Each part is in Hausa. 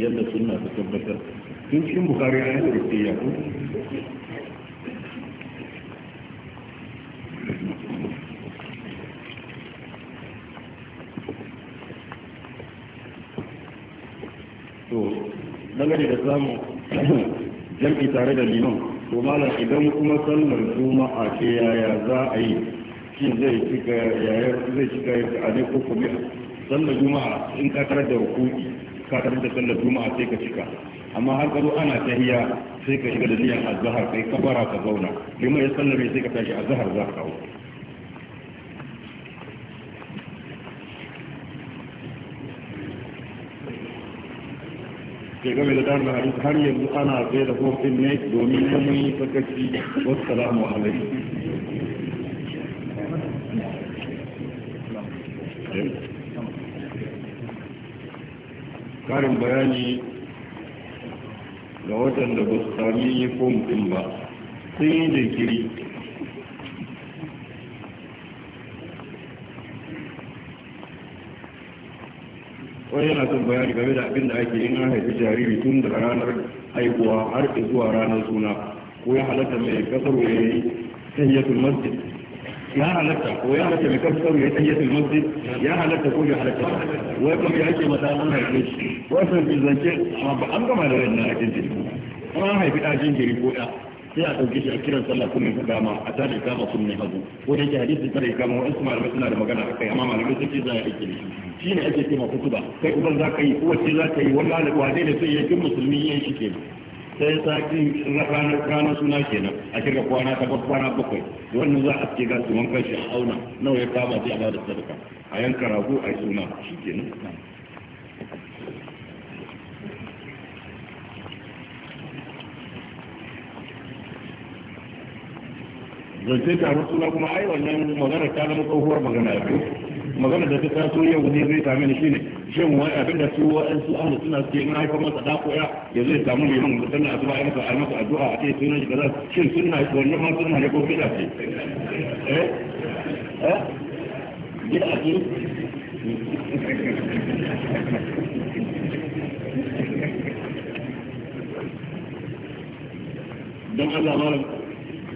yadda suna ta tabbatar tun cikin bukari an yi ya ku to dangane da samu jam'i tare da liman to malam idan kuma sallar a ce yaya za a yi shi zai cika yaya zai cika yaya a ne ko kuma sallar juma'a in ka da rukuki ka tafi da sallar juma'a sai ka shiga amma har karo ana tahiya sai ka shiga da niyyar azhar kai kafara ka zauna kuma ya sallame sai ka tashi azhar za ka kawo ke game da darna hadisi har yanzu ana zai da hofin ne domin yi sakaci wasu salamu alaikum karin bayani ga waɗanda ba su sami ko mutum ba sun yi jinkiri wani yana son bayani game da abin da ake yin an haifi jariri tun daga ranar haihuwa har zuwa ranar suna ko ya halatta mai kasar wani sayyatul masjid ya halatta ko ya halatta mai kafsar ya tsaye fil masjid ya halatta ko ya halatta wai kuma ya ce mata an haife shi wai sun fi zance amma ba an gama da rai na ajin jiri kuma an haifi ajin jiri ko ya sai a ɗauke shi a kiran sallah kunne ta dama a tada kama kunne hagu ko da yake hadisi kare kama wa'in malamai suna da magana kai amma malamai sun ce za a aiki da shi shi ne ake ce ma kutuba kai uban za ka yi kowace za ka yi wannan wane da sai ya musulmi yin shi kenan sai sati rana ranar suna kenan a kirga kwana ta kwana bakwai wannan za a ce ga su wankan shi a auna nawa ya kama sai a bada sadaka a yanka rago a yi suna shi kenan zance taron suna kuma ai wannan magana ta zama tsohuwar magana ya magana da ta taso yau ne zai same ni shine shin wai abin da su su ahli suna suke in haifar masa da koya ya zai samu liman musamman a zuba masa a masa addu'a a kai sunan shi kaza shin sunna wannan ma sunna ne ko bid'a ce eh eh bid'a ce don Allah malam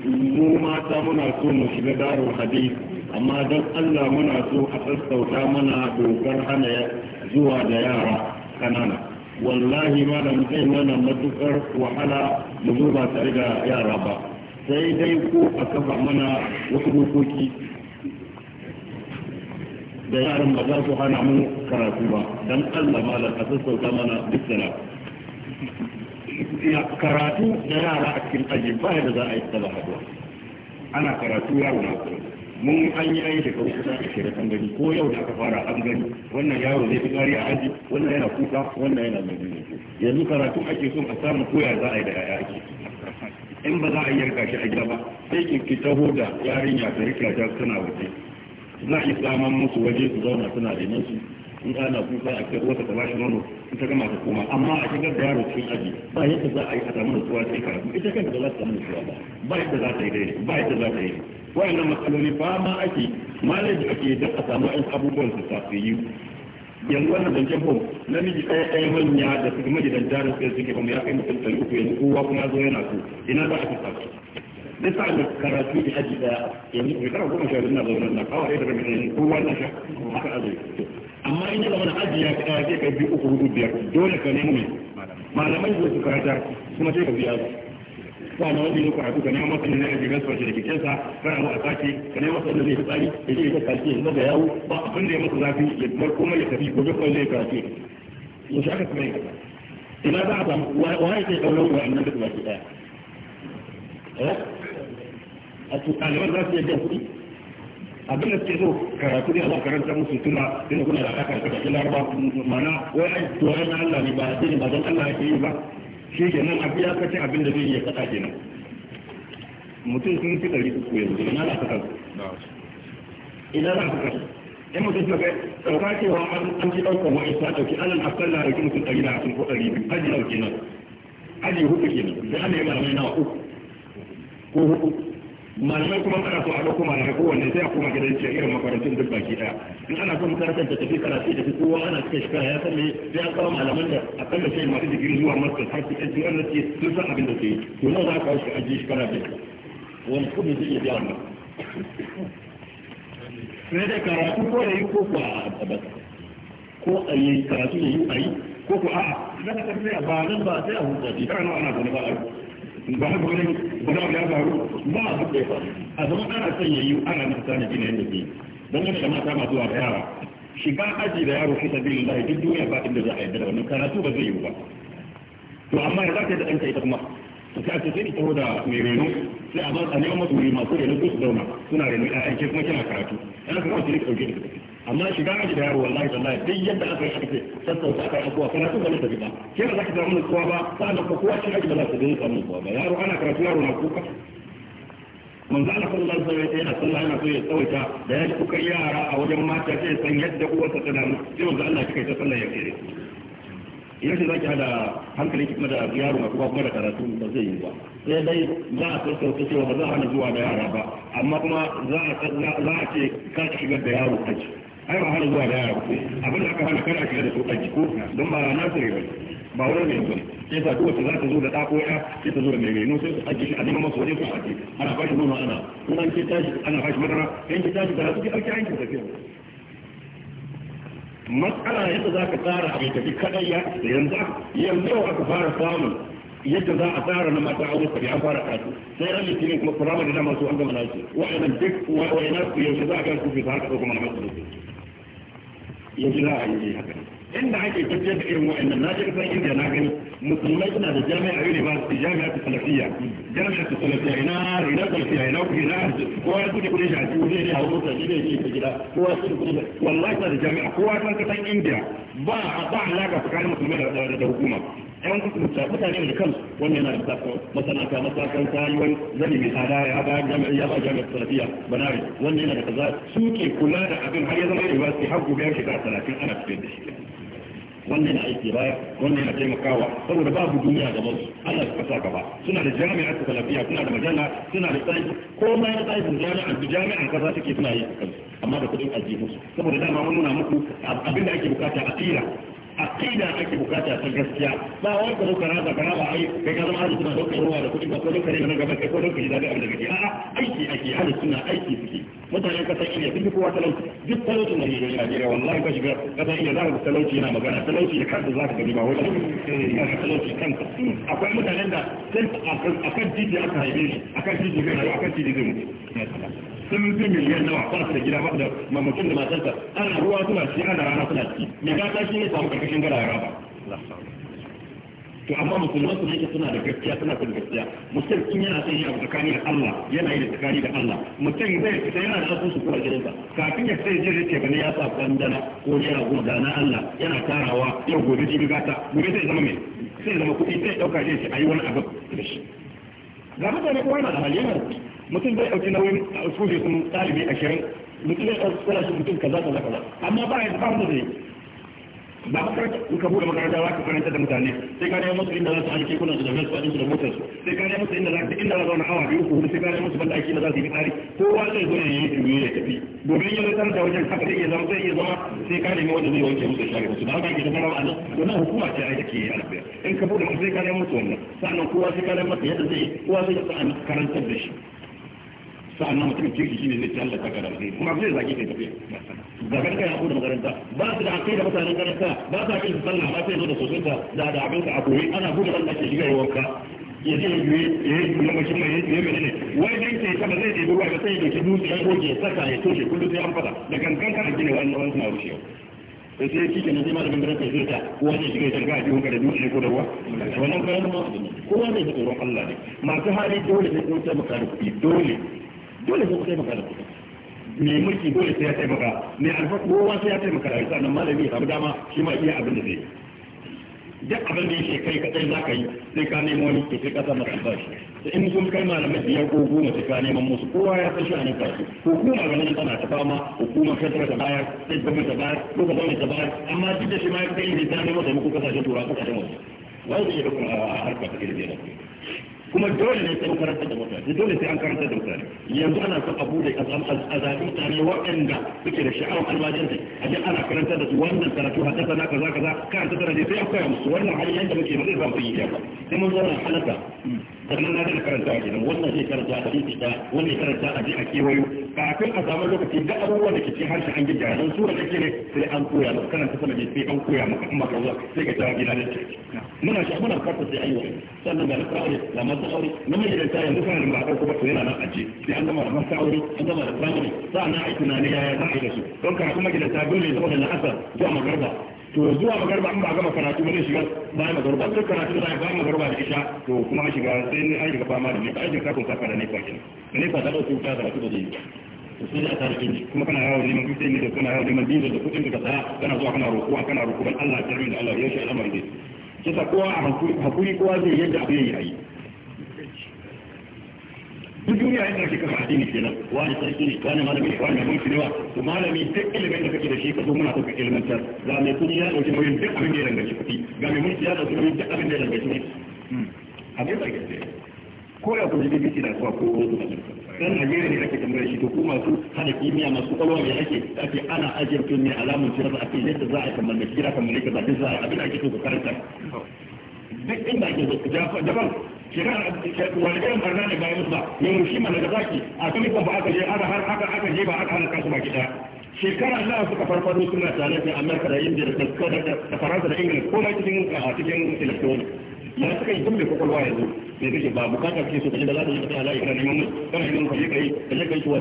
mu mata muna so mu shiga darul hadith amma don Allah muna so a sassauta mana dokar hana zuwa da yara kanana wallahi malam zai mana matukar wahala mu zo ba tare da yara ba sai dai ko a kafa mana wasu dokoki da yaran ba za su hana mu karatu ba don Allah malam a sassauta mana duk sana karatu da yara a cikin aji ba da za a yi tsala ana karatu yaro na mun an yi an shekaru kusa a shekaru kan gani ko yau da aka fara an gani wannan yaro zai fi kari a aji wannan yana kuka wannan yana jini yanzu karatu ake son a samu koya za a yi da yaya ake in ba za a yi yarka shi a gida ba sai ki ki taho da yarinya ta rika ta tana waje za a saman musu waje su zauna suna da nasu in ana kuka a kai wata shi nono in ta gama ta koma amma a shigar da yaro cikin aji ba yadda za a yi a samu nutsuwa sai karatu ita kanta ba za ta samu nutsuwa ba ba yadda za ta yi daidai ba yadda za ta yi wayannan matsaloli ba ma ake malaji ake da a samu ɗan abubuwan su yi yanzu wannan zancen bom namiji ɗaya ɗaya manya da kuma gidan da sai suke mu ya kai mutum ɗari uku yanzu kowa kuma zo yana so ina za a fi safi da sa da karatu da haji ɗaya yanzu kuma kara goma sha biyu na zaune na kawai ɗaya daga mai ɗaya kowa na sha haka zai amma in ya zama na aji ya kai biyu uku hudu biyar dole ka nemi malamai zai su karata kuma sai ka biya su kana wani ne karatu ka nemo masa ne ga gaskon shi da kike sa kana mu a saki ka nemo masa ne tsari ya je ya kalce ne zaga yawo ba abin da ya masa zafi ya bar kuma ya tafi ko duk wanda ya ya shi aka kuma ina za a samu waye ke kaunar wa annan duk baki daya eh? a cikin ɗaliban za su kuɗi abin da suke so karatu ne a karanta musu tuna tun kuna da aka karkata laraba mana wai ai to ai na Allah ne ba addini ba don Allah yake yi ba shi ke nan abu ya kacin abin da zai iya kasa ke nan mutum sun fi ɗari uku yanzu ina za ka kasu ina za ka kasu in mutum su kai ɗauka cewa an ci ɗaukar wa'in sa ɗauki alal akalla ɗauki mutum ɗari da hamsin ko ɗari biyu aji ɗauki nan aji hukuki ke nan da ana yi malamai nawa uku ko hudu malamai kuma kana so a ɗauko malamai ko wanne sai a koma gidan ce irin makarantun duk baki ɗaya in ana son makarantar ta tafi karatu da kowa ana cika shekara ya san me sai an kawo malaman da akalla sai masu digiri zuwa master har su ɗan jiran nake sun san abin da ke yi to nawa za a kawo shi a ji shekara biyar wani kuɗi zai iya biya wannan sai dai karatu ko da yi ko ko a ba ko a yi karatu da yi a yi ko ko a'a zaka tafi a ba nan ba sai a hukunta shi kana ana zaune ba a yi. ba haka wani ba za ya faru ba a duk da ya faru a zama ana son yayi ana masa tana gina yadda ke don gane da mata masu wa yara shiga aji da yaro fi sabilin lahi duk duniya ba inda za a yi da wannan karatu ba zai yi ba to amma ya za ka yi da ɗanka ita kuma ta ce ake sai taho da mai reno sai a ba a neman masu wuri masu reno ko su zauna suna reno a aiki kuma kina karatu yana kuma su ne ɗauke da tafi amma shiga a gida yaro wallahi wallahi duk yadda aka yi aka ce sassauta aka yi kowa kana ba ne gida ke ba za ki samu nutsuwa ba sa'an ko kowa shiga gida za su dinga samu nutsuwa ba yaro ana karatu yaro na kuka manzo Allah sallallahu alaihi wasallam sallam sallah yana so ya tsawaita da ya kuka yara a wajen mata sai san yadda uwarsa ta damu sai manzo Allah kai ta sallah ya kire yace zaki hada hankali kuma da yaro kuka kuma da karatu ba zai yi ba sai dai za a sassauta cewa ba za a hana zuwa da yara ba amma kuma za a za a ce ka shigar da yaro aji ai ba zuwa da yara abin da aka hana da su don ba na ba wani ne ba sai za zo da ya sai da sai aji shi a neman masu waje su ana ba shi nono ana kuma an ce tashi ana ba shi madara yan ki tashi da su aiki tafiya matsala yadda za ka tsara a tafi kadai ya yanzu yanzu aka fara samun yadda za a tsara na mata aure ka an fara kasu sai ran litinin kuma kurama da dama su an gama nasu wa'annan duk wa'annan yanzu za a ga fi ta haka mana kuma da su ya ji za a haka inda ake tafiyar da irin wa'annan na jirgin san inda na gani musulmai suna da jami'a university jami'a ta salafiya jami'a ta salafiya ina ina salafiya ina kuɗi ina kowa ya kuɗi kuɗi shafi kuɗi ne a wurin sa ne ke ta gida kowa ya kuɗi kuɗi wallahi suna da jami'a kowa san kasan india ba ba alaka tsakanin musulmai da hukuma yan kusurta mutane da kansu wannan yana da sako masana'anta masakan kayuwar zani mai tsada ya ba jami'a ya ba jami'a salafiya banari wannan yana da kaza su ke kula da abin har ya zama da ba su har gobe shekara talatin ana tafiyar da shi wannan na aiki baya wannan na taimakawa saboda babu duniya gaban su Allah ya kasa gaba suna da jami'a ta lafiya suna da majalla suna da ko komai yana tsari jami'an da jami'an kasa take suna yi amma da kudin aljihu saboda dama mun nuna muku abin da ake bukata a tsira aqida ake bukata ta gaskiya ba wai ko kana da kana ba ai kai ka zama ahlus sunna kai ruwa da kudi ba ko kai kare nan gaba kai ko kai da abin da kake a'a aiki ake hali suna aiki suke mutane ka san iya duk kowa talauci duk talauci ne ne Najeriya wallahi ka shiga ka san iya zaka talauci yana magana talauci da kanka zaka gani ba wai eh talauci kanka akwai mutanen da sai akan titi aka haibe shi akan titi zai akan titi zai mutu sun fi miliyan nawa suna da gida ba da mamakin da matarsa ana ruwa suna ci ana rana suna ci mai gata shi ne samu karkashin gara ya raba to amma musulman su ne suna da gaskiya suna da gaskiya mutum in yana son yin abu tsakani da Allah yana yi da tsakani da Allah mutum zai fita yana da asusu kuma gidansa kafin ya sai zai ce bane ya sa kwandana ko yana guda na Allah yana tarawa yau gobe jibi ta gobe zai zama mai sai zama kuɗi sai ɗauka zai ce a yi wani abu da shi ga mutane kowa yana da hali mutum zai ɗauki nauyin soje sun ɗalibi ashirin mutum zai ɗauki tsara shi mutum kaza kaza kaza amma ba ya ba mu zai ba makaranta in ka buɗe makaranta za ka karanta da mutane sai ka nemo musu inda za su aiki kuna da jami'ar su su da motar su sai ka musu inda za su inda za su biyu ko hudu sai ka nemo musu banda aiki da za su yi tsari kowa zai zo ya domin da wajen haka zai iya zama zai iya zama sai ka wanda zai wanke musu ba ke a nan wannan ka buɗe sai ka musu wannan sannan kowa sai ka masa yadda zai kowa zai karanta da shi sa'annan mutumin kirki shine zai Allah saka da alheri kuma zai zage kai tafiya ga kanka ya kudu makaranta ba su da akai da mutanen karanta ba sa kin sallah ba sai zo da sosin da da abin ka a koyi ana gudu Allah ke shiga yawanka ya ce ne ya yi kuma mashin mai ya mai ne wai dan ke kama zai ɗebi ruwa ga sai ya dauki dutse ya goge saka ya toshe kullum sai an fada da kankan kana gina wannan wannan suna rushewa sai sai shi kenan sai malamin da ranka zai ta kowa zai shiga shirka a jihun da dutse ko da ruwa wannan bayan ma kowa zai ji tsoron Allah ne masu hali dole sai sun taimaka da kuɗi dole dole sai ku taimaka da kuɗi mai mulki dole sai ya taimaka mai alfarko kowa sai ya taimaka da sannan malami ya samu dama shi ma iya abin da zai duk abin da yake kai kadai za ka yi sai ka nemo wani ke sai ka samu albashi da in sun kai malamai biyar ko goma sai ka neman musu kowa ya san shi a nan kashi hukuma ga nan tana ta fama hukuma ta tara ta bayar sai gwamnati ta bayar ko ka ta bayar amma duk da shi ma ya kai ne ta nemo da muku kasashen turawa kasashen wasu wai zai da kuma harkar ta ilimi da kuma dole ne sai karanta da mutane dole sai an karanta da mutane yanzu ana son abu da azam azabi mutane waɗanda suke da sha'awar almajiranci a ji ana karanta da su wannan karatu haddasa na kaza kaza karanta da sai an koya musu wannan hali yanda muke ba zai zama yi ba sai mun zauna halatta wannan na daga karanta a gidan wannan zai karanta a cikin ta wannan karanta a ji a kewayo kafin a samu lokaci da abubuwan da ke cikin harshen an gidda don sura da ke ne sai an koya maka karanta sama sai an koya maka amma ka zuwa sai ka tawa gida da ce muna shi muna karta sai ayyuka sannan ga na aure da masu aure na mai gidan ta yanzu ba a ɗauko ba to yana nan ji sai an gama da masu aure an gama da primary sa'an nan a yi tunani yaya za a yi da su don ka kuma gidan ta dole ya zama da na'asar zuwa magarba to zuwa magarba in ba gama karatu ba zai shiga bayan magarba zai karatu da bayan magarba da isha to kuma shiga sai ne an shiga fama da ne ka aikin kafin kafa da ne fa da ne fa da dauke wuta da wasu da zai sai da ta rike kuma kana yawo neman kuɗi ne da kana yawo neman dinar da kuɗin da ka kana zuwa kana roƙo a kana roƙo Allah ya tarbi da Allah ya shi al'amari dai kisa kowa a hakuri kowa zai yadda abin yayi duk duniya yana shi kafa addini kenan wani sarki ne wani malami ne wani mulki ne wa to malami duk ilimin da kake da shi ka zo muna ka ilmantar ga mai kudi ya dauki nauyin duk abin da ya danganci kuɗi ga mai mulki ya dauki nauyin duk abin da ya danganci kuɗi hmm. abin da gaske ko ya kuji bibi da kuwa ko wasu dan Najeriya ne ake tambayar shi to ko masu hada kimiyya masu kwalwa ne ake ake ana ajiyar tun ne alamun cewa za a ce yadda za a kammala kira kammala kaza za a abin da ake so ka karanta duk inda ake wani irin barna ne bayan ba ya rushi mana da zaki a kan ba aka je aka har aka aka je ba aka hana kasu baki daya shekara nawa suka farfaro suna tare da amurka da indiya da faransa da ingila ko na cikin cikin electronic ya suka yi dumbe kwakwalwa yanzu sai kake ba bukata kake so kaje da za ka yi ta halaye kana neman kana neman kai kaje kai kaje kai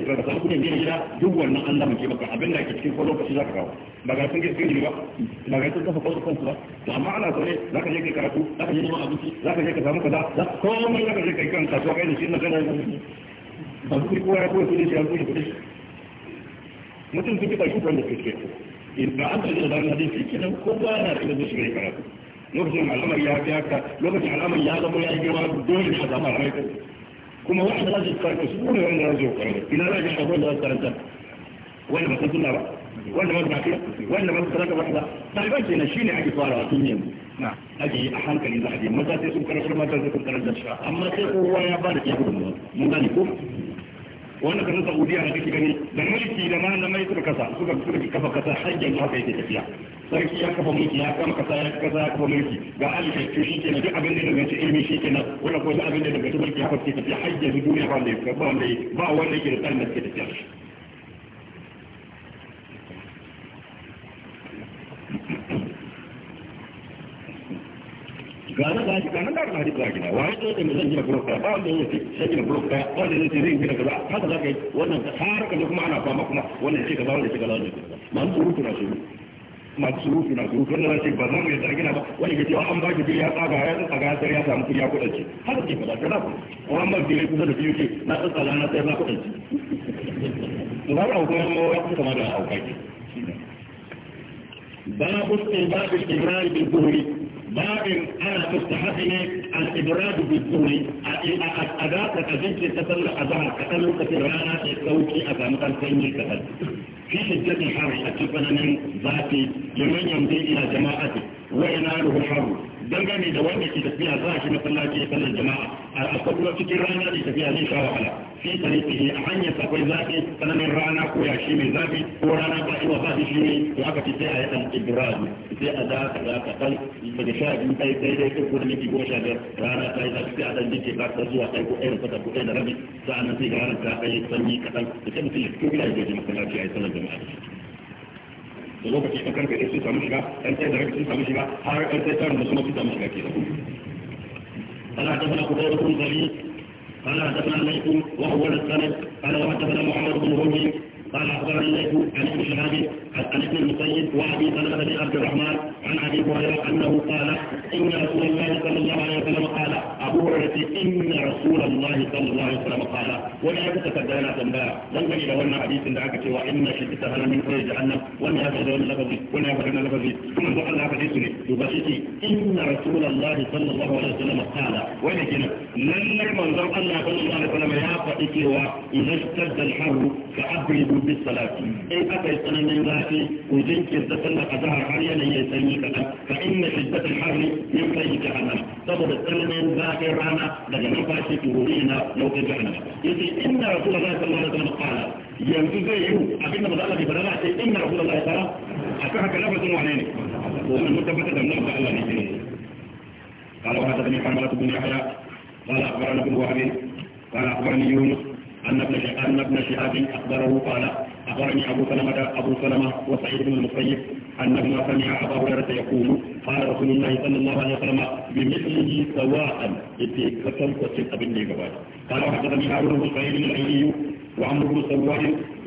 ka samu kudin gida duk wannan Allah muke maka abin da cikin kwallo za ka kawo ba ga sun ba ba ga sun kafa kwallo ba to amma ana so ne za ka je karatu za ka je neman abinci za ka je ka samu kaza za ka za ka je kai kan kasuwa kai da shi kowa ya karatu lokacin al'amari ya fi haka lokacin al'amari ya zama ya yi girma dole ne a zama a rai kuma wanda za su karanta su ne wanda za su karanta ina za a shafa da za su karanta wanda ba su suna ba wanda ba su lafiya wanda ba su karanta ba su ba ɗaliban kenan shi ne ake fara a tun yanzu ake yi a hankali za a je maza sai sun karanta mata sai sun karanta amma sai kowa ya ba da ke gudunmawa mun gane ko wanda kan Saudiya da kake gani da mulki da malamai suka kasa suka suka kafa kasa hajjan haka yake tafiya sarki ya kafa mulki ya kama kasa ya kasa ya kafa mulki ga alƙa shi kenan duk abin da daga ilimi shi kenan wala ko duk abin da daga mulki ya fakke tafiya har yanzu duniya ba wanda ba wanda ba wanda yake da tsarin da ke tafiya shi da shi gane da gari da gida wai da zan gina broka ba wanda yake sai gina broka ba wanda yake zai gina kaza haka zaka yi wannan har kaje kuma ana fama kuma wannan ce kaza wanda ce kaza wanda ce kaza man surutu na masurufi na surufi wanda zai ba za mu yadda ba wani ga cewa an ba ki ya tsaga ya tsaga ya tsari ya samu kuɗi ya kuɗance har ke fada kana ko an ba ki kusa da biyu ke na tsatsala na tsayar na kuɗance to ba ku kuma ya kusa ma da aukai babu ba babu ibrahim bin buhari لكن انا مستحق الابراد في الدوري الاداء تتزيد في تسلل اظهر كتلوك في الرانة الزوجي اظهر كتلوك في الكتل في حجة الحر اتفنا من ذاتي لمن يمضي الى dangane da wanda ke tafiya za shi masallaci ya sallar jama'a a kuma cikin rana da tafiya zai sha wahala fi tarihi a hanyar akwai zafi tsananin rana ko shi mai zafi ko rana ba iwa zafi shi ne to aka fi sai a yi dan ibrahim sai a za ka za ka kai daga sha biyu sai sai dai ko da miki goma sha biyar rana ta yi zafi sai a dan dike ba ta zuwa kai ko ɗaya da ko ɗaya da rabi sa'an sai ga ranar ta kai sanyi kaɗan da sai mutum ya fito gida ya je masallaci ya yi sallar jama'a da lokaci ɗan karfe ɗaya sun samu shiga ɗan da rabi sun samu shiga har ɗan tsaye tsarin da kuma sun samu shiga ke kuɗa da kun zari عن ابن المسيب وابي سلمه بن عبد الرحمن عن ابي هريره انه قال ان رسول الله صلى الله عليه وسلم قال ابو هريره ان رسول الله صلى الله عليه وسلم قال ولا يتتبعنا تنباع لن تجد ولنا حديث دعك وان شدت هل من خير جهنم ولا يفعلون لفظي ولا يفعلون لفظي ثم قال حديثني يبشرتي ان رسول الله صلى الله عليه وسلم قال ولكن لن من ذر الله صلى الله عليه وسلم يا فاتك واذا اشتد الحر فابردوا بالصلاه ان اتى السنه الصلاة وجنكر تسلى قدرها حاليا هي يسمي فإن شدة الحر قيد جهنم سبب السلم ذاكر رانا لقد نفاشي تهورينا لو جهنم يجي إن رسول الله صلى الله عليه وسلم قال yanzu zai yi abinda ba الله a إن رسول الله ce inna rasulullahi sallallahu alaihi wasallam akan haka lafazin wane ne to mun tabbatar قال بن يحيى قال أخبرنا بن وحبي قال أخبرني يونس أن ابن أن ابن شهاب أخبره قال أخبرني أبو سلمة أبو سلمة وسعيد بن المسيب أنهما سمع أبا هريرة يقول قال رسول الله صلى الله عليه وسلم بمثله سواء إذ كتبت أبن قال حدثني هارون بن سعيد الأيلي وعمرو بن سواء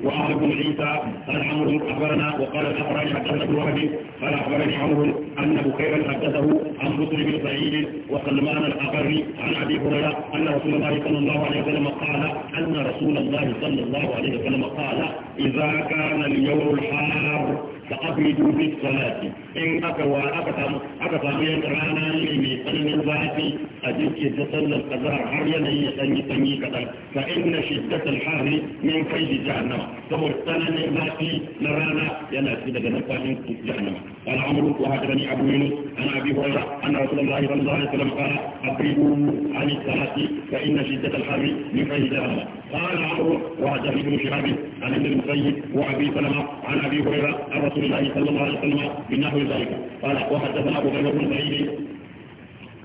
وعمر بن عيسى قال عمر اخبرنا وقال الاخرج حدثنا ابن وهب قال اخبرني عمر ان بخيرا حدثه عن بكر بن سعيد وسلمان الاقري عن ابي هريره ان رسول الله صلى الله عليه وسلم قال ان رسول الله صلى الله عليه وسلم قال اذا كان اليوم الحار فأبردوا في الصلاة إن أكوا أكتم أكتم يدرانا لمي قلن الواتي أجيك تصلى القدر حريا يسني سني كتر فإن شدة الحر من فيه جهنم فمرتنا الواتي نرانا ينا سيدة نفاهم في جهنم قال عمرو وهجرني أبو يونس عن أبي هريرة أن رسول الله صلى الله عليه وسلم قال أبردوا عن الصلاة فإن شدة الحر من فيه جهنم قال عمرو وهشام بن شهاب عن ابن المسيب وابي سلمه عن ابي هريره عن رسول الله صلى الله عليه وسلم بنحو ذلك قال وحدثنا ابو هريره بن سعيد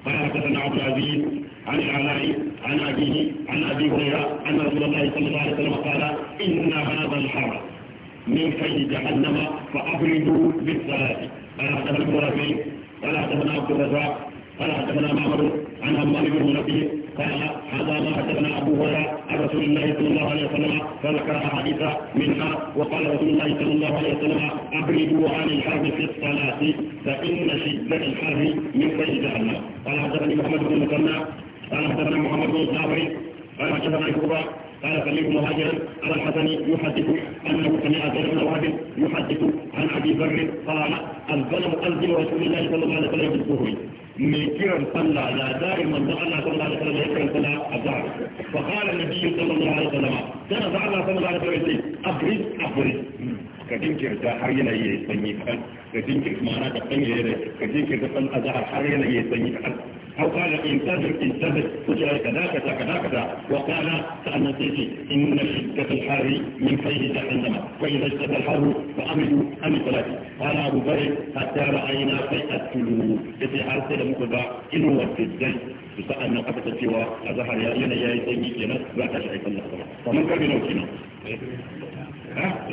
قال حدثنا عبد العزيز عن العلاء عن ابيه عن ابي هريره ان رسول الله صلى الله عليه وسلم قال ان هذا الحرم من كي جهنم فابردوا بالصلاه قال حدثنا ابن قال حدثنا عبد الرزاق قال حدثنا معمر عن عمار بن منبه قال هذا ما حدثنا ابو هريره عن رسول الله صلى الله عليه وسلم فذكر احاديث منها وقال رسول الله صلى الله عليه وسلم ابردوا عن الحرب في الصلاه فان شده الحرب من بين جهنم قال حدثني محمد بن مثنى قال حدثنا محمد بن الصابري قال حدثنا عقوبه قال سميت مهاجرا على الحسن يحدث انه سمع زيد بن وهب يحدث عن ابي ذر قال الظلم الزم رسول الله صلى الله عليه وسلم بالكفر من كرم صلى على دائما دخل صلى الله عليه وسلم يكرم صلى الظهر فقال النبي صلى الله عليه وسلم كان فعل صلى الله عليه وسلم أبرز أبرز ka jinkirta har yanayi ya sanyi kaɗan ka jinkirta ma'ana ka sanya yanayi ka jinkirta har yanayi ya sanyi kaɗan أو قال انتبه انتبه وجاء كذا كذا كذا كذا وقال سألنا سيدي إن شدة الحر من خير جهنم وإذا اشتد الحر فأمدوا أم الصلاة قال أبو بكر حتى رأينا فيئة كله في حال سيدة مكبا إنه والسجن فأنا قفت سوى أظهر يا إلى يا سيدي كنا لا تشعيك الله فمن كان بنوتنا ها؟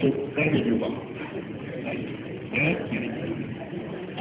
to karfe biyu ba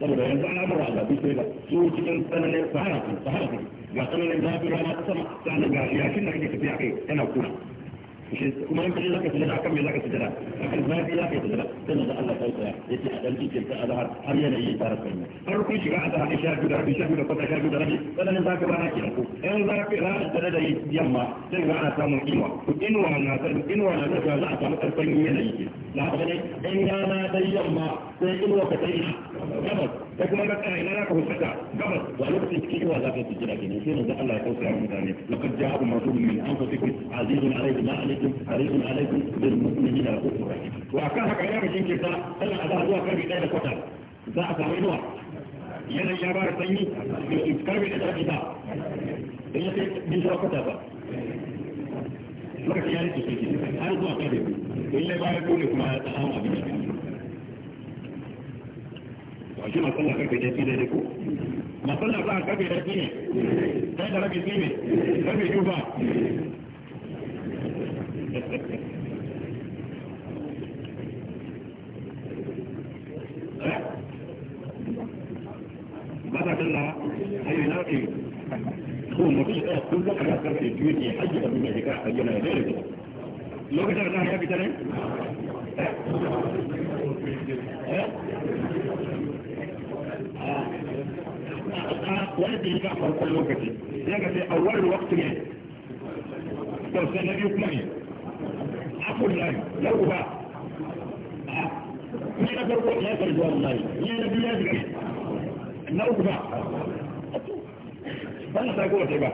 saboda yanzu an abu a gabi sai da su cikin tsananin sahara sahara ga tsananin zafi rana sama sannan ga yakin da kake tafiya kai yana kura kuma in kaje zaka sujada akan me zaka sujada akan zafi zaka yi sujada sai da Allah sai tsaya yace a dalci ce ta azhar har yana yi tsara sunna har kun shiga a zafi sha guda bi sha guda ko sha guda rabi sannan zaka bana ki ko in zaka rana tsada da yamma sai ga ana samun inuwa inuwa na sai inuwa na sai za a samu karfin yanayi da haka ne in rana da yamma sai inuwa ka tayi da kuma ga kana ina ka husata gabas wa lokacin cikin ruwa za ka ci jira kenan sai manzo Allah ya kausa wa mutane laqad ja'akum rasulun min anfusikum azizun alayhi ma alaykum harisun alaykum bil mu'minina raufur rahim wa akan haka ya ga jinke ta sallan azhar zuwa karbi 1 da kwata za a samu inuwa yana ya bar sanyi da karbi da karbi ba dan yake bin zuwa kwata ba lokacin ya rike shi har zuwa karbi dan ya bayar dole kuma ya tsaya abin da a shi masallar karfe da shi daidai ko masallar ba a karfe da shi ne sai da rabi ne karfe ba eh? ba ta na ke ko mutum ɗaya kun zaka da karfe biyu ne hajji da a da lokacin da ya fita ne? Eh? Eh? wani da farko lokaci ya ga sai awwal waqti ne to sai na biyu kuma ne akul lai ya uba ni na farko ya karbi wallahi ni na biyu ya diga na uku ba na sako ko ba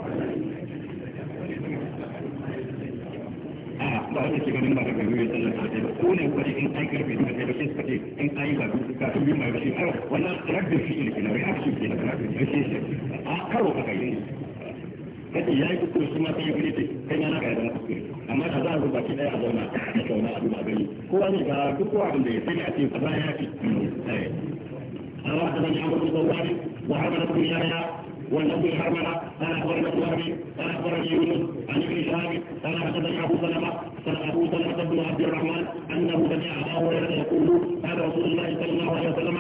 da ake ce ganin ba da gari ya tsallaka da ko ne wani in kai karfe da kai ba sai ce in ai ba su ka tun mai shi ai wannan rabbi shi ne kina reaction ke da rabbi shi a karo ka kai kace yayi kuskure kuma ya ce kai na ga da kuskure amma da za a rubuta daya a zauna da kauna a duba gani ko an ga duk wanda da ya sai a ce kaza ya fi eh Allah ta bani abu da wani والنبي حرمنا قال اخبرنا ابو قال اخبرني يونس عن ابن شهاب قال حدثني ابو فالحديث الحسن بن عبد الرحمن انه سمع ابا يقول هذا رسول الله صلى الله عليه وسلم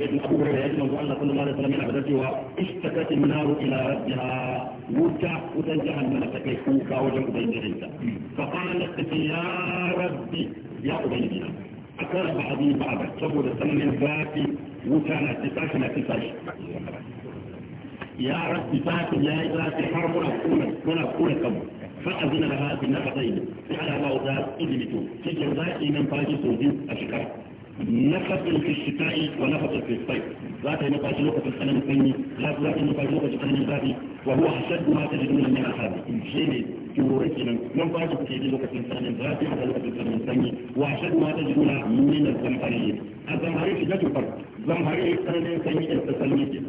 ابن ابو هريره يجمع ان صلى الله عليه وسلم يحدثها اشتكت النار الى ربها وجع وتنجح الملك كوكا وجع بين فقالت يا ربي يا ابينا أكار بعضي بعضا سبب السمن الذاتي وكان اتفاق ما تفاش يا ربي ذاتي يا ذاتي حرب ولا أقول ولا أقول كبر فأذن لها بالنفقين فعلى الله ذا أذنته في جوزاء من فاجي سوزي الشكاية نفق في الشتاء ونفق في الصيف ذات نفاجي لوقة الخنم الثاني ذات نفاجي لوقة الخنم الثاني وهو أشد ما تجدون من الغابي شيء كوريكنا نفاجي في لوقة الألم ذات على لوقة الخنم الثاني وأشد ما تجدون من الزمهرية الزمهرية ذات الفرق زمهرية الألم الثاني التسلمية